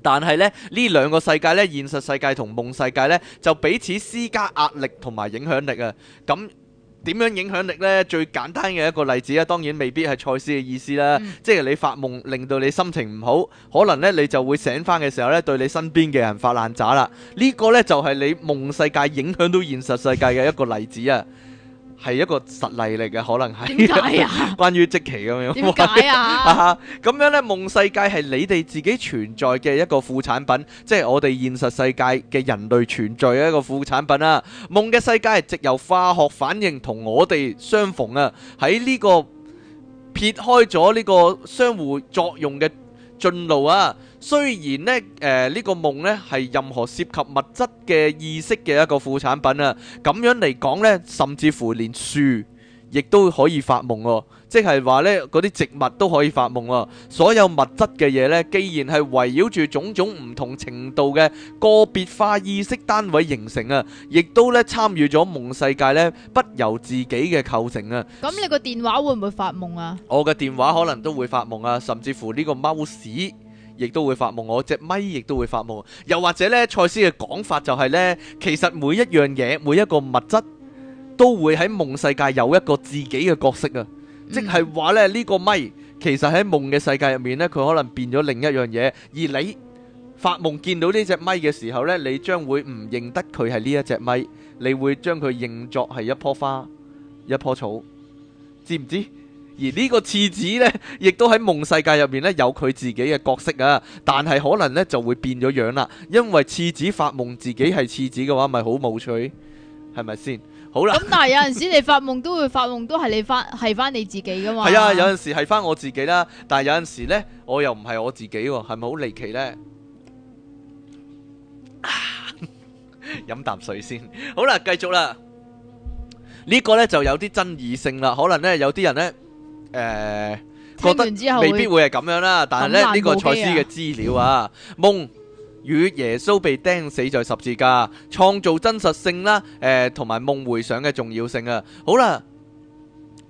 但係咧呢兩個世界咧，現實世界同夢世界呢就彼此施加壓力同埋影響力啊！咁點樣，樣影響力呢？最簡單嘅一個例子啊，當然未必係賽斯嘅意思啦。嗯、即係你發夢令到你心情唔好，可能呢你就會醒翻嘅時候呢，對你身邊嘅人發爛渣啦。呢、呢個呢，就係、係、你夢世界影響到現實世界嘅一個例子啊！ 係一個實例嚟嘅，可能係。點解啊？ 關於即奇咁樣。點解啊？咁樣咧，夢世界係你哋自己存在嘅一個副產品，即係我哋現實世界嘅人類存在嘅一個副產品啦、啊。夢嘅世界係藉由化學反應同我哋相逢啊！喺呢個撇開咗呢個相互作用嘅。進路啊！雖然咧，誒、呃、呢、呢個夢咧係任何涉及物質嘅意識嘅一個副產品啊，咁樣嚟講呢，甚至乎連樹亦都可以發夢喎、啊。即係話呢，嗰啲植物都可以發夢啊！所有物質嘅嘢呢，既然係圍繞住種種唔同程度嘅個別化意識單位形成啊，亦都呢參與咗夢世界呢不由自己嘅構成啊。咁你個電話會唔會發夢啊？我嘅電話可能都會發夢啊，甚至乎呢個貓屎亦都會發夢，我隻咪亦都會發夢，又或者呢，賽斯嘅講法就係、是、呢：其實每一樣嘢每一個物質都會喺夢世界有一個自己嘅角色啊。即係話咧，呢個咪其實喺夢嘅世界入面咧，佢可能變咗另一樣嘢。而你發夢見到呢隻咪嘅時候咧，你將會唔認得佢係呢一隻咪，你會將佢認作係一棵花、一棵草，知唔知？而呢個廁紙呢，亦都喺夢世界入面咧有佢自己嘅角色啊。但係可能呢就會變咗樣啦，因為廁紙發夢自己係廁紙嘅話，咪好 無趣，係咪先？好啦，咁但係有陣時你發夢都會發夢，都係你翻係翻你自己噶嘛？係 啊，有陣時係翻我自己啦，但係有陣時咧我又唔係我自己喎，係咪好離奇咧？啊，飲啖 水先，好啦，繼續啦。這個，呢個咧就有啲爭議性啦，可能咧有啲人咧，誒、呃，覺得未必會係咁樣啦，但係咧呢個賽斯嘅資料啊，夢、嗯。夢與耶穌被釘死在十字架，創造真實性啦，誒、呃，同埋夢回想嘅重要性啊。好啦，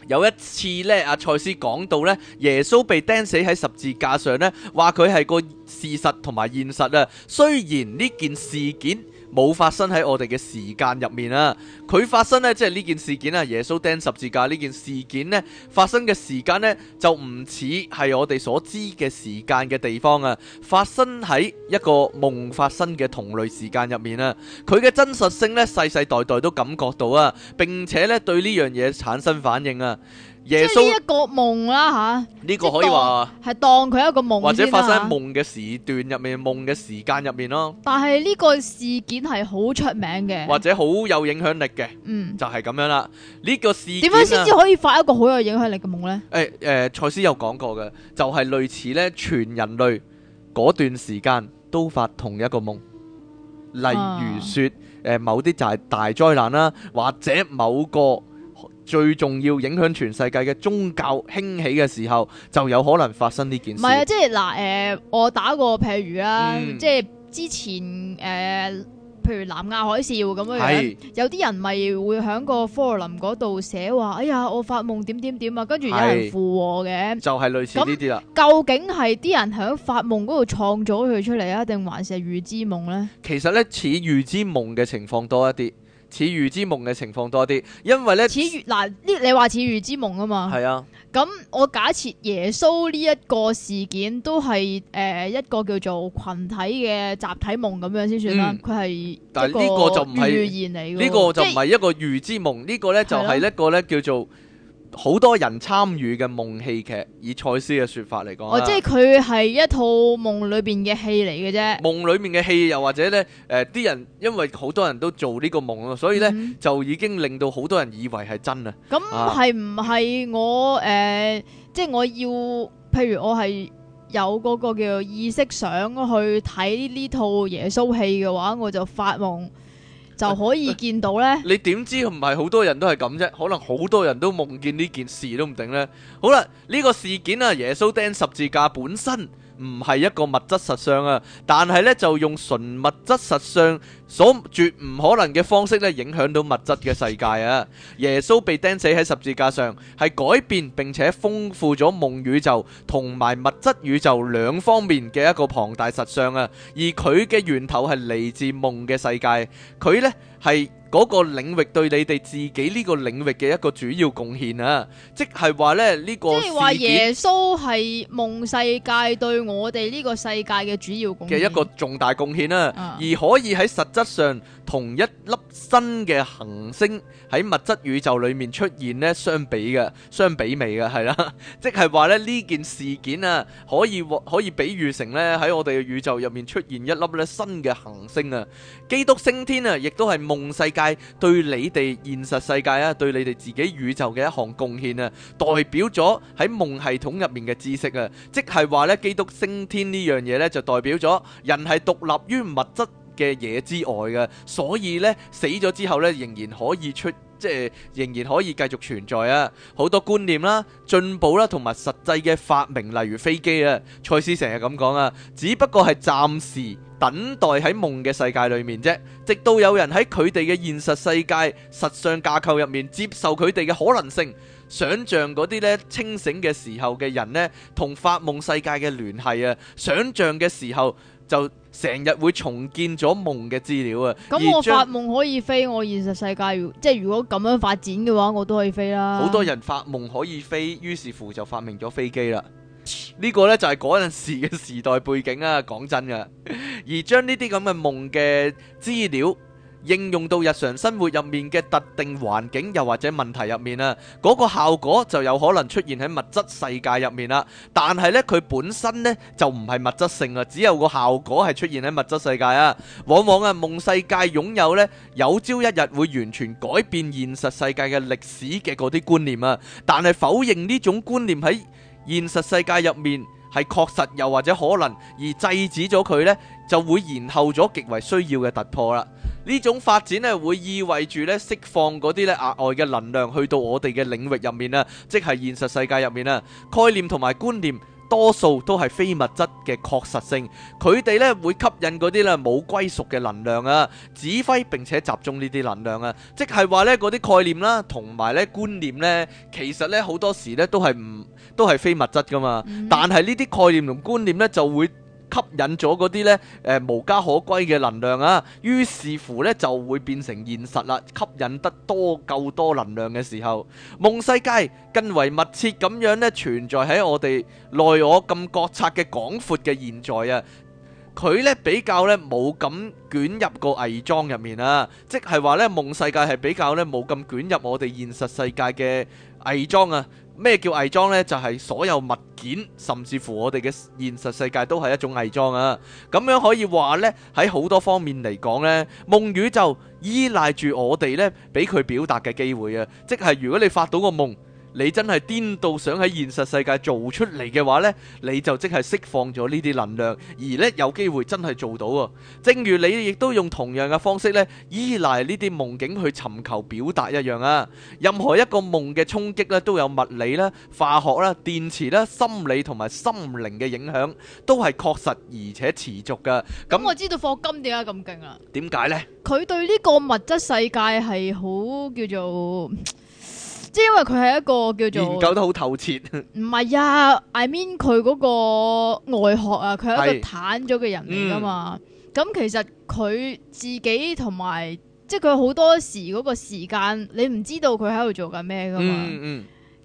有一次呢，阿、啊、賽斯講到呢，耶穌被釘死喺十字架上呢，話佢係個事實同埋現實啊。雖然呢件事件。冇發生喺我哋嘅時間入面啊！佢發生咧，即係呢件事件啦，耶穌釘十字架呢件事件呢，發生嘅時間呢，就唔似係我哋所知嘅時間嘅地方啊！發生喺一個夢發生嘅同類時間入面啊！佢嘅真實性呢，世世代代都感覺到啊！並且呢，對呢樣嘢產生反應啊！即呢一個夢啦吓，呢個可以話係當佢一個夢，或者發生喺夢嘅時段入面，夢嘅時間入面咯。但係呢個事件係好出名嘅，或者好有影響力嘅。嗯，就係咁樣啦。呢、呢個事件點樣先至可以發一個好有影響力嘅夢呢？誒誒、哎，呃、蔡司有講過嘅，就係、是、類似呢全人類嗰段時間都發同一個夢，啊、例如說誒、呃，某啲就係大災難啦，或者某個。最重要影響全世界嘅宗教興起嘅時候，就有可能發生呢件事。唔係啊，即係嗱，誒、呃，我打個譬如啊，嗯、即係之前誒、呃，譬如南亞海嘯咁樣，是有啲人咪會喺個 forum 嗰度寫話，哎呀，我發夢點點點啊，跟住有人附和嘅，就係、是、類似呢啲啦。那究竟係啲人喺發夢嗰度創造佢出嚟啊，定還是係預知夢呢？其實呢，似預知夢嘅情況多一啲。似預知夢嘅情況多啲，因為咧，似嗱呢，你話似預知夢啊嘛，係是啊，咁我假設耶穌呢一個事件都係誒、呃、一個叫做群體嘅集體夢咁樣先算啦，佢係、嗯，但係呢個就唔係預言嚟，呢個就唔係一個預知夢，呢、就是、個咧就係一個咧叫做。好多人參與嘅夢戲劇，以賽斯嘅說法嚟講，哦，即係佢係一套夢裏邊嘅戲嚟嘅啫。夢裏面嘅戲又或者呢誒、啲、呃、人因為好多人都做呢個夢咯，所以呢、嗯、就已經令到好多人以為係真、嗯、啊是是。咁係唔係我誒，即係我要，譬如我係有嗰個叫意識想去睇呢套耶穌戲嘅話，我就發夢。就可以見到呢？你點知唔係好多人都係咁啫？可能好多人都夢見呢件事都唔定呢。好啦，呢個事件啊，耶穌釘十字架本身，唔係一個物質實相啊，但係咧就用純物質實相所絕唔可能嘅方式咧，影響到物質嘅世界啊！耶穌被釘死喺十字架上，係改變並且豐富咗夢宇宙同埋物質宇宙兩方面嘅一個龐大實相啊！而佢嘅源頭係嚟自夢嘅世界，佢呢。係嗰個領域對你哋自己呢個領域嘅一個主要貢獻啊，即係話咧呢，呢個，即係話耶穌係夢世界對我哋呢個世界嘅主要貢獻，嘅一個重大貢獻啦，啊，而可以喺實質上，同一粒新嘅行星喺物質宇宙裏面出現咧，相比嘅，相比美嘅，係啦，即係話咧呢件事件啊，可以獲可以比喻成咧喺我哋嘅宇宙入面出現一粒咧新嘅行星啊。基督升天啊，亦都係夢世界對你哋現實世界啊，對你哋自己宇宙嘅一項貢獻啊，代表咗喺夢系統入面嘅知識啊，即係話咧基督升天呢樣嘢咧，就代表咗人係獨立於物質。嘅嘢之外嘅，所以咧死咗之後咧，仍然可以出，即係仍然可以繼續存在啊！好多觀念啦、進步啦，同埋實際嘅發明，例如飛機啊。賽斯成日咁講啊，只不過係暫時等待喺夢嘅世界裏面啫，直到有人喺佢哋嘅現實世界、實相架構入面接受佢哋嘅可能性，想象嗰啲咧清醒嘅時候嘅人咧，同發夢世界嘅聯繫啊，想象嘅時候。就成日會重建咗夢嘅資料啊！咁、嗯、將我發夢可以飛，我現實世界要，即係如果咁樣發展嘅話，我都可以飛啦。好多人發夢可以飛，於是乎就發明咗飛機啦。呢、這個呢，就係嗰陣時嘅時代背景啊！講真噶， 而將呢啲咁嘅夢嘅資料，應用到日常生活入面嘅特定環境，又或者問題入面啊，嗰個效果就有可能出現喺物質世界入面啦。但係呢，佢本身呢，就唔係物質性啊，只有個效果係出現喺物質世界啊。往往啊，夢世界擁有呢，有朝一日會完全改變現實世界嘅歷史嘅嗰啲觀念啊。但係否認呢種觀念喺現實世界入面係確實又或者可能，而制止咗佢呢。就會延後咗極為需要嘅突破啦。呢種發展咧會意味住咧釋放嗰啲咧額外嘅能量去到我哋嘅領域入面啊，即係現實世界入面啊。概念同埋觀念多數都係非物質嘅確實性，佢哋咧會吸引嗰啲咧冇歸屬嘅能量啊，指揮並且集中呢啲能量啊。即係話咧嗰啲概念啦，同埋咧觀念咧，其實咧好多時咧都係唔都係非物質㗎嘛。但係呢啲概念同觀念咧就會吸引咗嗰啲咧，誒無家可歸嘅能量啊，於是乎咧就會變成現實啦。吸引得多夠多能量嘅時候，夢世界更為密切咁樣咧存在喺我哋內我咁覺察嘅廣闊嘅現在啊，佢咧比較咧冇咁捲入個偽裝入面啊，即係話咧夢世界係比較咧冇咁捲入我哋現實世界嘅偽裝啊。咩叫偽裝呢？就係、是、所有物件，甚至乎我哋嘅現實世界都係一種偽裝啊！咁樣可以話呢，喺好多方面嚟講呢，夢宇宙就依賴住我哋呢，俾佢表達嘅機會啊！即係如果你發到個夢。你真係癲到想喺現實世界做出嚟嘅話呢，你就即係釋放咗呢啲能量，而呢有機會真係做到啊！正如你亦都用同樣嘅方式呢，依賴呢啲夢境去尋求表達一樣啊！任何一個夢嘅衝擊呢，都有物理啦、化學啦、電池啦、心理同埋心靈嘅影響，都係確實而且持續嘅。咁我知道霍金點解咁勁啊？點解呢？佢對呢個物質世界係好叫做。即係因為佢係一個叫做研究得好透徹，唔係啊。I mean 佢嗰個外殼啊，佢係一個坦咗嘅人嚟噶嘛。咁是、嗯、其實佢自己同埋，即係佢好多時嗰個時間，你唔知道佢喺度做緊咩噶嘛。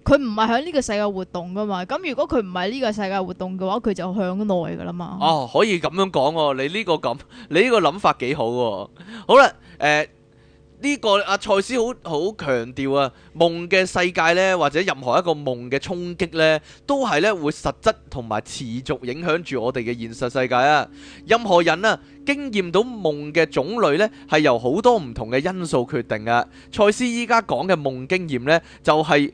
佢唔係喺呢個世界活動噶嘛。咁如果佢唔係呢個世界活動嘅話，佢就向內噶啦嘛。哦，可以咁樣講喎、啊。你呢個咁，你呢個諗法幾好。好啦，誒、呃。呢、這個阿賽斯好好強調啊，夢嘅世界呢，或者任何一個夢嘅衝擊呢，都係呢會實質同埋持續影響住我哋嘅現實世界啊！任何人啊，經驗到夢嘅種類呢，係由好多唔同嘅因素決定啊！賽斯依家講嘅夢經驗呢，就係。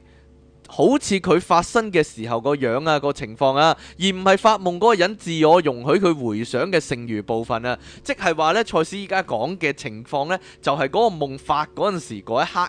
好似佢發生嘅時候個樣啊，個情況啊，而唔係發夢嗰個人自我容許佢回想嘅剩餘部分啊，即係話呢，賽斯依家講嘅情況呢，就係、是、嗰個夢發嗰陣時嗰一刻。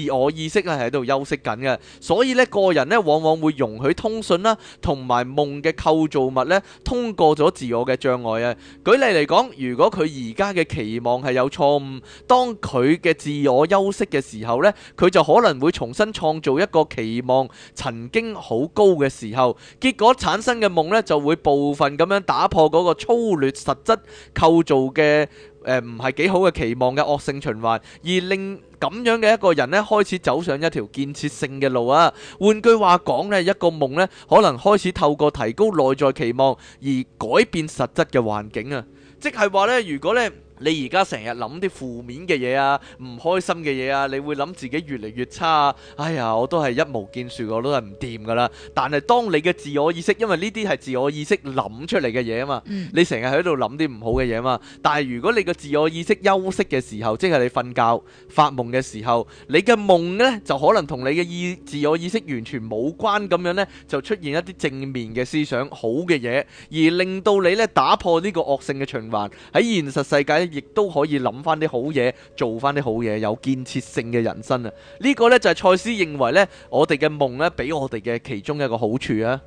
自我意識咧係喺度休息緊嘅，所以咧個人咧往往會容許通訊啦，同埋夢嘅構造物咧通過咗自我嘅障礙啊。舉例嚟講，如果佢而家嘅期望係有錯誤，當佢嘅自我休息嘅時候咧，佢就可能會重新創造一個期望曾經好高嘅時候，結果產生嘅夢咧就會部分咁樣打破嗰個粗劣、實質構造嘅誒唔係幾好嘅期望嘅惡性循環，而令。咁樣嘅一個人咧，開始走上一條建設性嘅路啊。換句話講咧，一個夢咧，可能開始透過提高內在期望而改變實質嘅環境啊。即係話咧，如果咧。你而家成日諗啲負面嘅嘢啊，唔開心嘅嘢啊，你會諗自己越嚟越差啊。哎呀，我都係一無建樹，我都係唔掂噶啦。但係當你嘅自我意識，因為呢啲係自我意識諗出嚟嘅嘢啊嘛，你成日喺度諗啲唔好嘅嘢啊嘛。但係如果你個自我意識休息嘅時候，即係你瞓覺發夢嘅時候，你嘅夢呢，就可能同你嘅意自我意識完全冇關咁樣呢，就出現一啲正面嘅思想，好嘅嘢，而令到你呢打破呢個惡性嘅循環喺現實世界。亦都可以諗翻啲好嘢，做翻啲好嘢，有建設性嘅人生啊！呢、這個呢，就係、是、賽斯認為呢，我哋嘅夢呢，俾我哋嘅其中一個好處啊。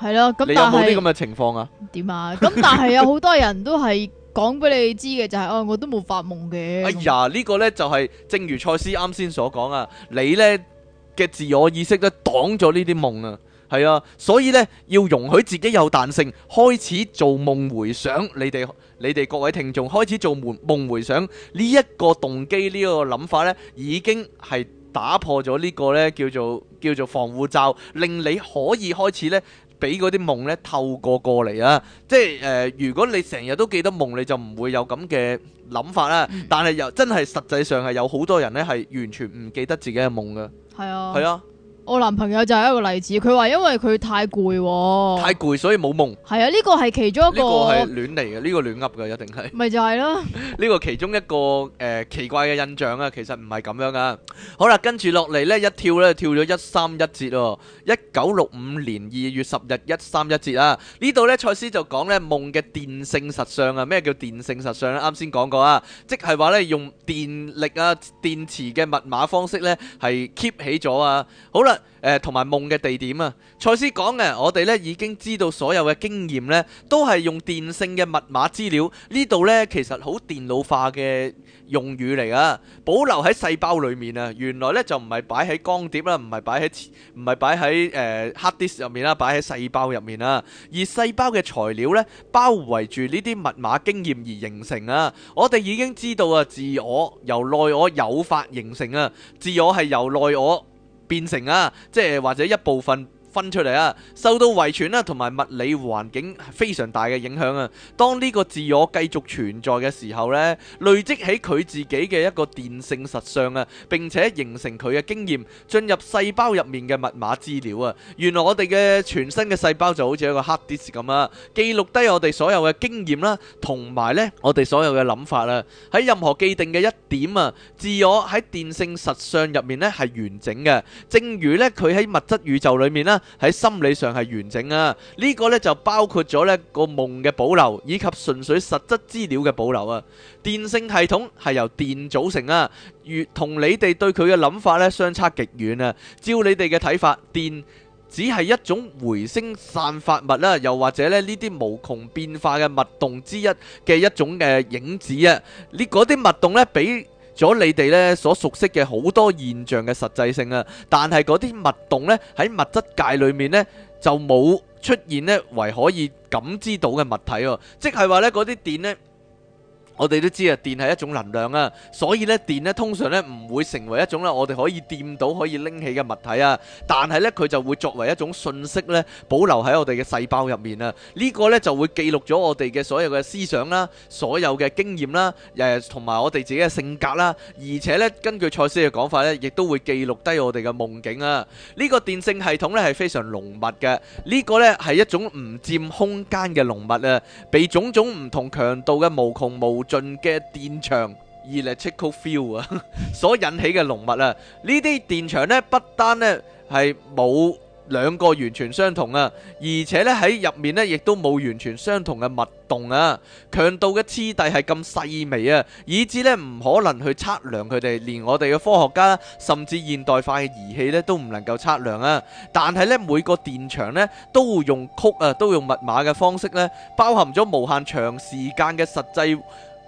係咯，咁但係有冇啲咁嘅情況啊？點、嗯、是啊？咁、啊嗯、但係有好多人都係講俾你知嘅，就係哦，我都冇發夢嘅。哎呀，呢、這個呢，就係、是、正如賽斯啱先所講啊，你呢嘅自我意識咧擋咗呢啲夢啊。係啊，所以呢，要容許自己有彈性，開始做夢回想。你哋你哋各位聽眾開始做夢回想呢一、呢個動機呢、呢個諗法呢，已經係打破咗呢個呢叫做叫做防護罩，令你可以開始呢，俾嗰啲夢呢透過過嚟啊！即係誒、呃，如果你成日都記得夢，你就唔會有咁嘅諗法啦。嗯、但係又真係實際上係有好多人呢，係完全唔記得自己嘅夢噶。係啊，係啊。我男朋友就係一個例子，佢話因為佢太攰、哦，太攰所以冇夢。係啊，呢個係其中一個。呢個係亂嚟嘅，呢個亂噏嘅一定係。咪就係咯。呢 個其中一個誒、呃、奇怪嘅印象啊，其實唔係咁樣噶、啊。好啦，跟住落嚟呢，一跳呢，跳咗一三一節喎。一九六五年二月十日一三一節啊，呢度、啊、呢，蔡司就講呢，夢嘅電性實相啊，咩叫電性實相咧、啊？啱先講過啊，即係話呢，用電力啊、電池嘅密碼方式呢，係 keep 起咗啊。好啦。誒，同埋夢嘅地點啊，蔡司講嘅，我哋咧已經知道所有嘅經驗咧，都係用電性嘅密碼資料呢度咧，其實好電腦化嘅用語嚟，啊，保留喺細胞裏面啊。原來咧就唔係擺喺光碟啦，唔係擺喺唔係擺喺誒 hard disk 入面啦，擺喺細胞入面啊。而細胞嘅材料咧包圍住呢啲密碼經驗而形成啊。我哋已經知道啊，自我由內我有法形成啊，自我係由內我。變成啊，即係或者一部分。分出嚟啊！受到遺傳啦，同埋物理環境非常大嘅影響啊。當呢個自我繼續存在嘅時候呢，累積喺佢自己嘅一個電性實相啊，並且形成佢嘅經驗，進入細胞入面嘅密碼資料啊。原來我哋嘅全身嘅細胞就好似一個 hard disk 咁啊，記錄低我哋所有嘅經驗啦，同埋呢我哋所有嘅諗法啦。喺任何既定嘅一點啊，自我喺電性實相入面呢係完整嘅，正如呢佢喺物質宇宙裏面啦。喺心理上係完整啊！呢、這個呢，就包括咗呢個夢嘅保留，以及純粹實質資料嘅保留啊！電性系統係由電組成啊，如同你哋對佢嘅諗法呢相差極遠啊！照你哋嘅睇法，電只係一種回聲散發物啦，又或者咧呢啲無窮變化嘅脈動，之一嘅一種嘅影子啊！你嗰啲脈動呢，比咗你哋呢所熟悉嘅好多現象嘅實際性啊，但係嗰啲物動呢喺物質界裏面呢就冇出現呢為可以感知到嘅物體喎，即係話呢嗰啲電呢。我哋都知啊，電係一種能量啊，所以咧電咧通常咧唔會成為一種咧我哋可以掂到可以拎起嘅物體啊，但係咧佢就會作為一種信息咧保留喺我哋嘅細胞入面啊，呢個咧就會記錄咗我哋嘅所有嘅思想啦，所有嘅經驗啦，誒同埋我哋自己嘅性格啦，而且咧根據賽斯嘅講法咧，亦都會記錄低我哋嘅夢境啊，呢個電性系統咧係非常濃密嘅，呢個咧係一種唔佔空間嘅濃密啊，被種種唔同強度嘅無窮無盡嘅電場 （electric field） 啊， 所引起嘅濃密啊，呢啲電場呢，不單呢係冇兩個完全相同啊，而且呢喺入面呢亦都冇完全相同嘅脈動啊，強度嘅黐弟係咁細微啊，以致呢唔可能去測量佢哋，連我哋嘅科學家甚至現代化嘅儀器呢都唔能夠測量啊。但係呢，每個電場呢，都會用曲啊，都用密碼嘅方式呢，包含咗無限長時間嘅實際。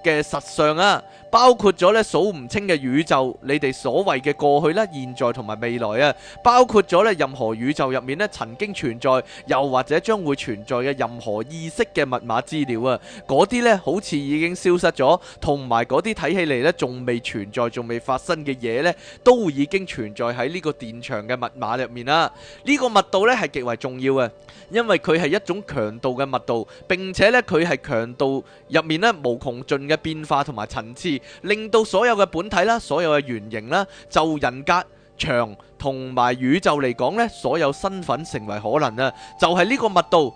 嘅實相啊！包括咗咧數唔清嘅宇宙，你哋所謂嘅過去咧、現在同埋未來啊，包括咗咧任何宇宙入面咧曾經存在，又或者將會存在嘅任何意識嘅密碼資料啊，嗰啲咧好似已經消失咗，同埋嗰啲睇起嚟咧仲未存在、仲未發生嘅嘢咧，都已經存在喺呢個電場嘅密碼入面啦。呢個密度咧係極為重要嘅，因為佢係一種強度嘅密度，並且咧佢係強度入面咧無窮盡嘅變化同埋層次。令到所有嘅本體啦，所有嘅原型啦，就人格，長同埋宇宙嚟講呢，所有身份成為可能啊！就係、是、呢個密度，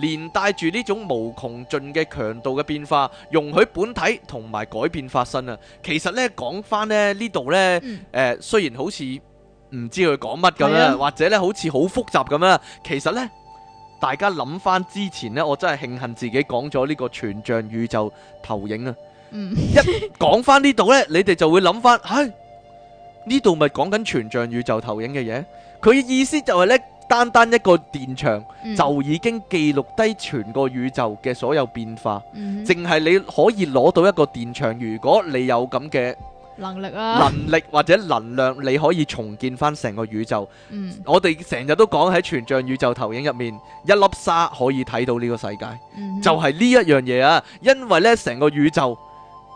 連帶住呢種無窮盡嘅強度嘅變化，容許本體同埋改變發生啊！其實呢，講翻咧呢度呢，誒、呃，雖然好似唔知佢講乜咁啦，啊、或者呢好似好複雜咁啦，其實呢，大家諗翻之前呢，我真係慶幸自己講咗呢個全像宇宙投影啊！ 一講翻呢度呢，你哋就會諗翻，唉，呢度咪講緊全像宇宙投影嘅嘢？佢意思就係呢，單單一個電場、嗯、就已經記錄低全個宇宙嘅所有變化。淨係、嗯、哼你可以攞到一個電場，如果你有咁嘅能力啊，能力或者能量，你可以重建翻成個宇宙。嗯、我哋成日都講喺全像宇宙投影入面，一粒沙可以睇到呢個世界，嗯、哼就係呢一樣嘢啊！因為呢成個宇宙。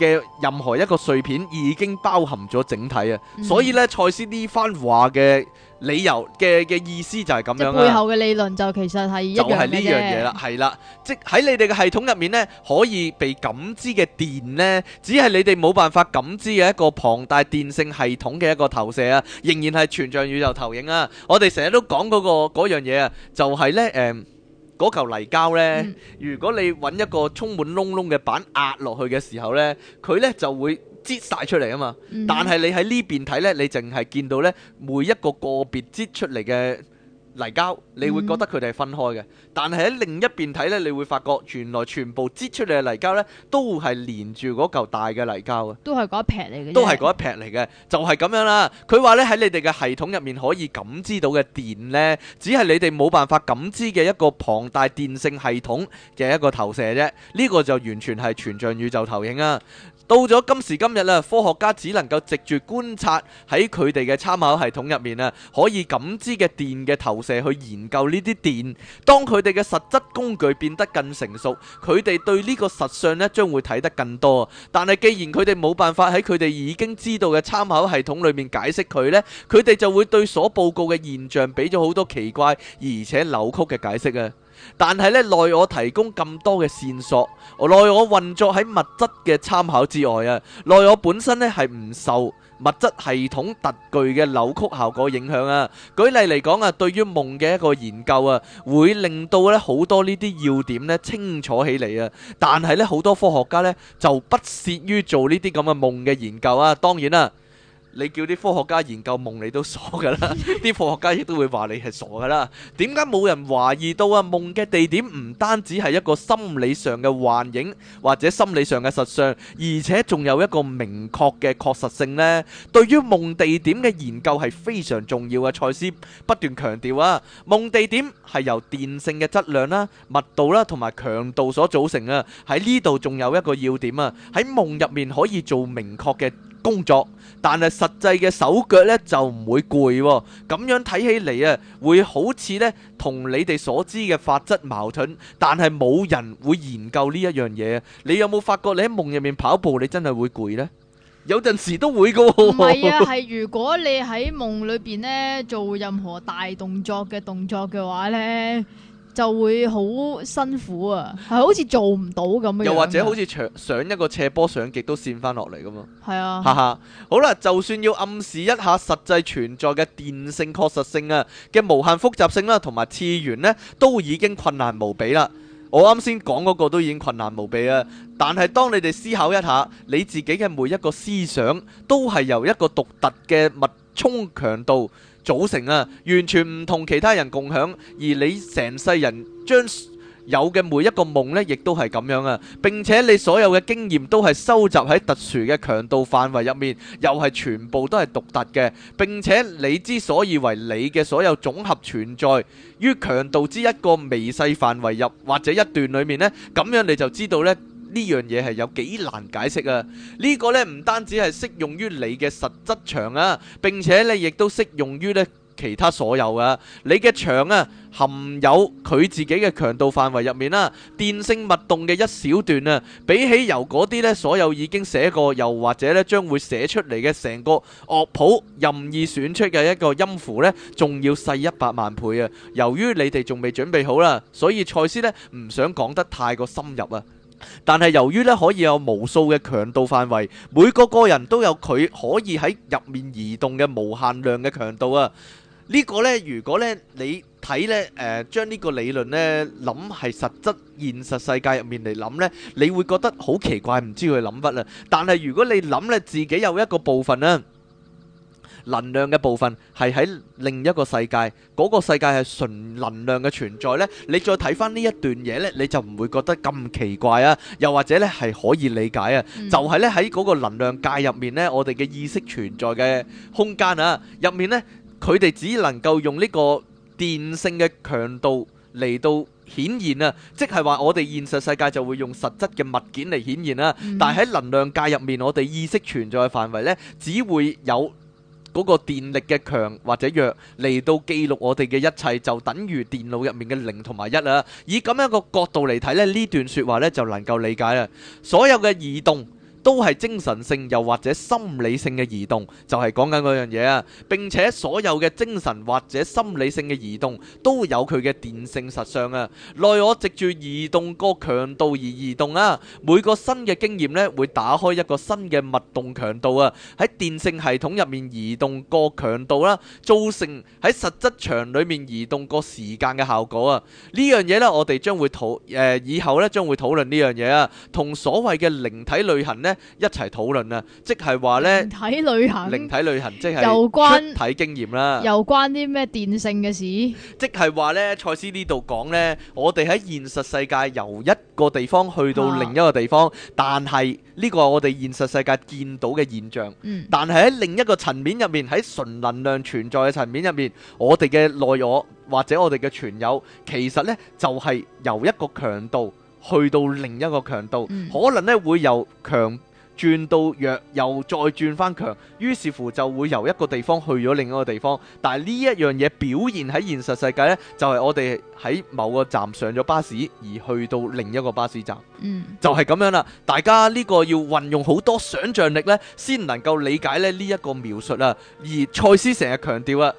嘅任何一個碎片已經包含咗整體啊，嗯、所以呢，賽斯呢番話嘅理由嘅嘅意思就係咁樣啦。背後嘅理論就其實係一樣就係呢樣嘢啦，係啦，即喺你哋嘅系統入面呢，可以被感知嘅電呢，只係你哋冇辦法感知嘅一個龐大電性系統嘅一個投射啊，仍然係全像宇宙投影啊！我哋成日都講嗰、嗰個嗰樣嘢啊，就係、係、呢。誒、嗯。嗰嚿泥膠呢，如果你揾一個充滿窿窿嘅板壓落去嘅時候呢，佢呢就會擠晒出嚟啊嘛！但係你喺呢邊睇呢，你淨係見到呢每一個個別擠出嚟嘅泥膠，你會覺得佢哋係分開嘅，嗯、但係喺另一邊睇呢，你會發覺原來全部擠出嚟嘅泥膠呢，都係連住嗰嚿大嘅泥膠嘅，都係嗰一撇嚟嘅，都係嗰一撇嚟嘅，就係、是、咁樣啦。佢話呢，喺你哋嘅系統入面可以感知到嘅電呢，只係你哋冇辦法感知嘅一個龐大電性系統嘅一個投射啫。呢、呢個就完全係全像宇宙投影啊！到咗今時今日啦，科學家只能夠藉住觀察喺佢哋嘅參考系統入面啊，可以感知嘅電嘅投射去研究呢啲電。當佢哋嘅實質工具變得更成熟，佢哋對呢個實相咧將會睇得更多。但係既然佢哋冇辦法喺佢哋已經知道嘅參考系統裏面解釋佢呢，佢哋就會對所報告嘅現象俾咗好多奇怪而且扭曲嘅解釋嘅。但係咧，內我提供咁多嘅線索，內我運作喺物質嘅參考之外啊，內我本身咧係唔受物質系統特具嘅扭曲效果影響啊。舉例嚟講啊，對於夢嘅一個研究啊，會令到咧好多呢啲要點咧清楚起嚟啊。但係咧，好多科學家咧就不屑於做呢啲咁嘅夢嘅研究啊。當然啦。你叫啲科學家研究夢，你都傻噶啦！啲科學家亦都會話你係傻噶啦。點解冇人懷疑到啊？夢嘅地點唔單止係一個心理上嘅幻影，或者心理上嘅實相，而且仲有一個明確嘅確實性呢？對於夢地點嘅研究係非常重要嘅，蔡司不斷強調啊。夢地點係由電性嘅質量啦、密度啦同埋強度所組成啊。喺呢度仲有一個要點啊，喺夢入面可以做明確嘅工作。但係實際嘅手腳呢，就唔會攰喎，咁樣睇起嚟啊，會好似呢同你哋所知嘅法則矛盾。但係冇人會研究呢一樣嘢。你有冇發覺你喺夢入面跑步，你真係會攰呢？有陣時都會噶喎。唔係啊，係如果你喺夢裏邊呢，做任何大動作嘅動作嘅話呢。就會好辛苦啊，係好似做唔到咁樣，又或者好似上上一個斜坡上極都扇翻落嚟咁嘛？係是啊，哈哈！好啦，就算要暗示一下實際存在嘅電性確實性啊嘅無限複雜性啦、啊，同埋次元呢，都已經困難無比啦。我啱先講嗰個都已經困難無比啊。但係當你哋思考一下，你自己嘅每一個思想都係由一個獨特嘅脈衝強度，組成啊，完全唔同其他人共享，而你成世人將有嘅每一個夢呢，亦都係咁樣啊，並且你所有嘅經驗都係收集喺特殊嘅強度範圍入面，又係全部都係獨特嘅，並且你之所以為你嘅所有總合存在於強度之一個微細範圍入或者一段裏面呢，咁樣你就知道呢。呢樣嘢係有幾難解釋啊！呢、這個呢，唔單止係適用於你嘅實質場啊，並且咧亦都適用於呢其他所有啊。你嘅場啊，含有佢自己嘅強度範圍入面啦，電性脈動嘅一小段啊，比起由嗰啲呢所有已經寫過，又或者呢將會寫出嚟嘅成個樂譜任意選出嘅一個音符呢，仲要細一百萬倍啊！由於你哋仲未準備好啦，所以賽斯呢唔想講得太過深入啊！但係由於咧可以有無數嘅強度範圍，每個個人都有佢可以喺入面移動嘅無限量嘅強度啊！呢、呢個呢，如果咧你睇呢，誒、呃，將呢個理論呢，諗係實質現實世界入面嚟諗呢，你會覺得好奇怪，唔知佢諗乜啦。但係如果你諗咧自己有一個部分呢、啊。能量嘅部分係喺另一個世界，嗰個世界係純能量嘅存在咧。你再睇翻呢一段嘢咧，你就唔會覺得咁奇怪啊，又或者咧係可以理解啊。就係咧喺嗰個能量界入面咧，我哋嘅意識存在嘅空間啊，入面咧佢哋只能夠用呢個電性嘅強度嚟到顯現啊。即係話我哋現實世界就會用實質嘅物件嚟顯現啦。但係喺能量界入面，我哋意識存在嘅範圍咧，只會有。嗰個電力嘅強或者弱嚟到記錄我哋嘅一切，就等於電腦入面嘅零同埋一啦。以咁樣一個角度嚟睇呢，呢段説話呢，就能夠理解啦。所有嘅移動，都係精神性又或者心理性嘅移動，就係講緊嗰樣嘢啊！並且所有嘅精神或者心理性嘅移動，都有佢嘅電性實相啊！內我藉住移動個強度而移動啊！每個新嘅經驗咧，會打開一個新嘅物動強度啊！喺電性系統入面移動個強度啦，造成喺實質場裏面移動個時間嘅效果啊！呢樣嘢咧，我哋將會討誒以後咧，將會討論呢樣嘢啊！同所謂嘅靈體旅行咧。一齊討論啊！即係話呢，靈體旅行，靈體旅行即係出體經驗又關啲咩電性嘅事？即係話呢，賽斯呢度講呢，我哋喺現實世界由一個地方去到另一個地方，啊、但係呢個係我哋現實世界見到嘅現象。嗯、但係喺另一個層面入面，喺純能量存在嘅層面入面，我哋嘅內我或者我哋嘅存有，其實呢，就係、是、由一個強度。去到另一個強度，嗯、可能咧會由強轉到弱，又再轉返強，於是乎就會由一個地方去咗另一個地方。但係呢一樣嘢表現喺現實世界呢就係、係、我哋喺某個站上咗巴士，而去到另一個巴士站，嗯、就係咁樣啦。大家呢個要運用好多想像力呢先能夠理解咧呢一個描述啦、啊。而賽斯成日強調啊。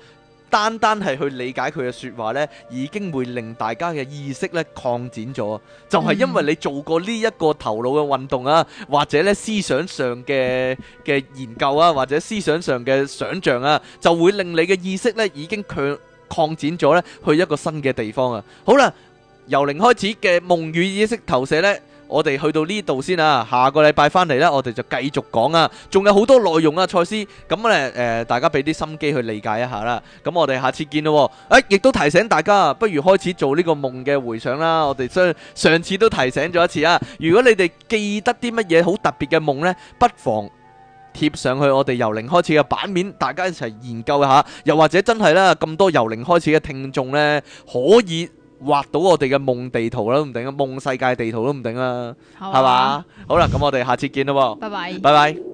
單單係去理解佢嘅説話呢，已經會令大家嘅意識咧擴展咗。就係因為你做過呢一個頭腦嘅運動啊，或者咧思想上嘅嘅研究啊，或者思想上嘅想像啊，就會令你嘅意識咧已經強擴展咗咧，去一個新嘅地方啊。好啦，由零開始嘅夢與意識投射咧。我哋去到呢度先啊，下個禮拜翻嚟呢，我哋就繼續講啊，仲有好多內容啊，賽斯，咁咧誒，大家俾啲心機去理解一下啦，咁我哋下次見咯，啊，誒、欸，亦都提醒大家不如開始做呢個夢嘅回想啦，我哋上上次都提醒咗一次啊，如果你哋記得啲乜嘢好特別嘅夢呢，不妨貼上去我哋由零開始嘅版面，大家一齊研究一下，又或者真係啦，咁多由零開始嘅聽眾呢，可以。畫到我哋嘅夢地圖啦都唔定啊，夢世界地圖都唔定啊，係嘛？好啦，咁我哋下次見啦喎，拜拜，拜拜。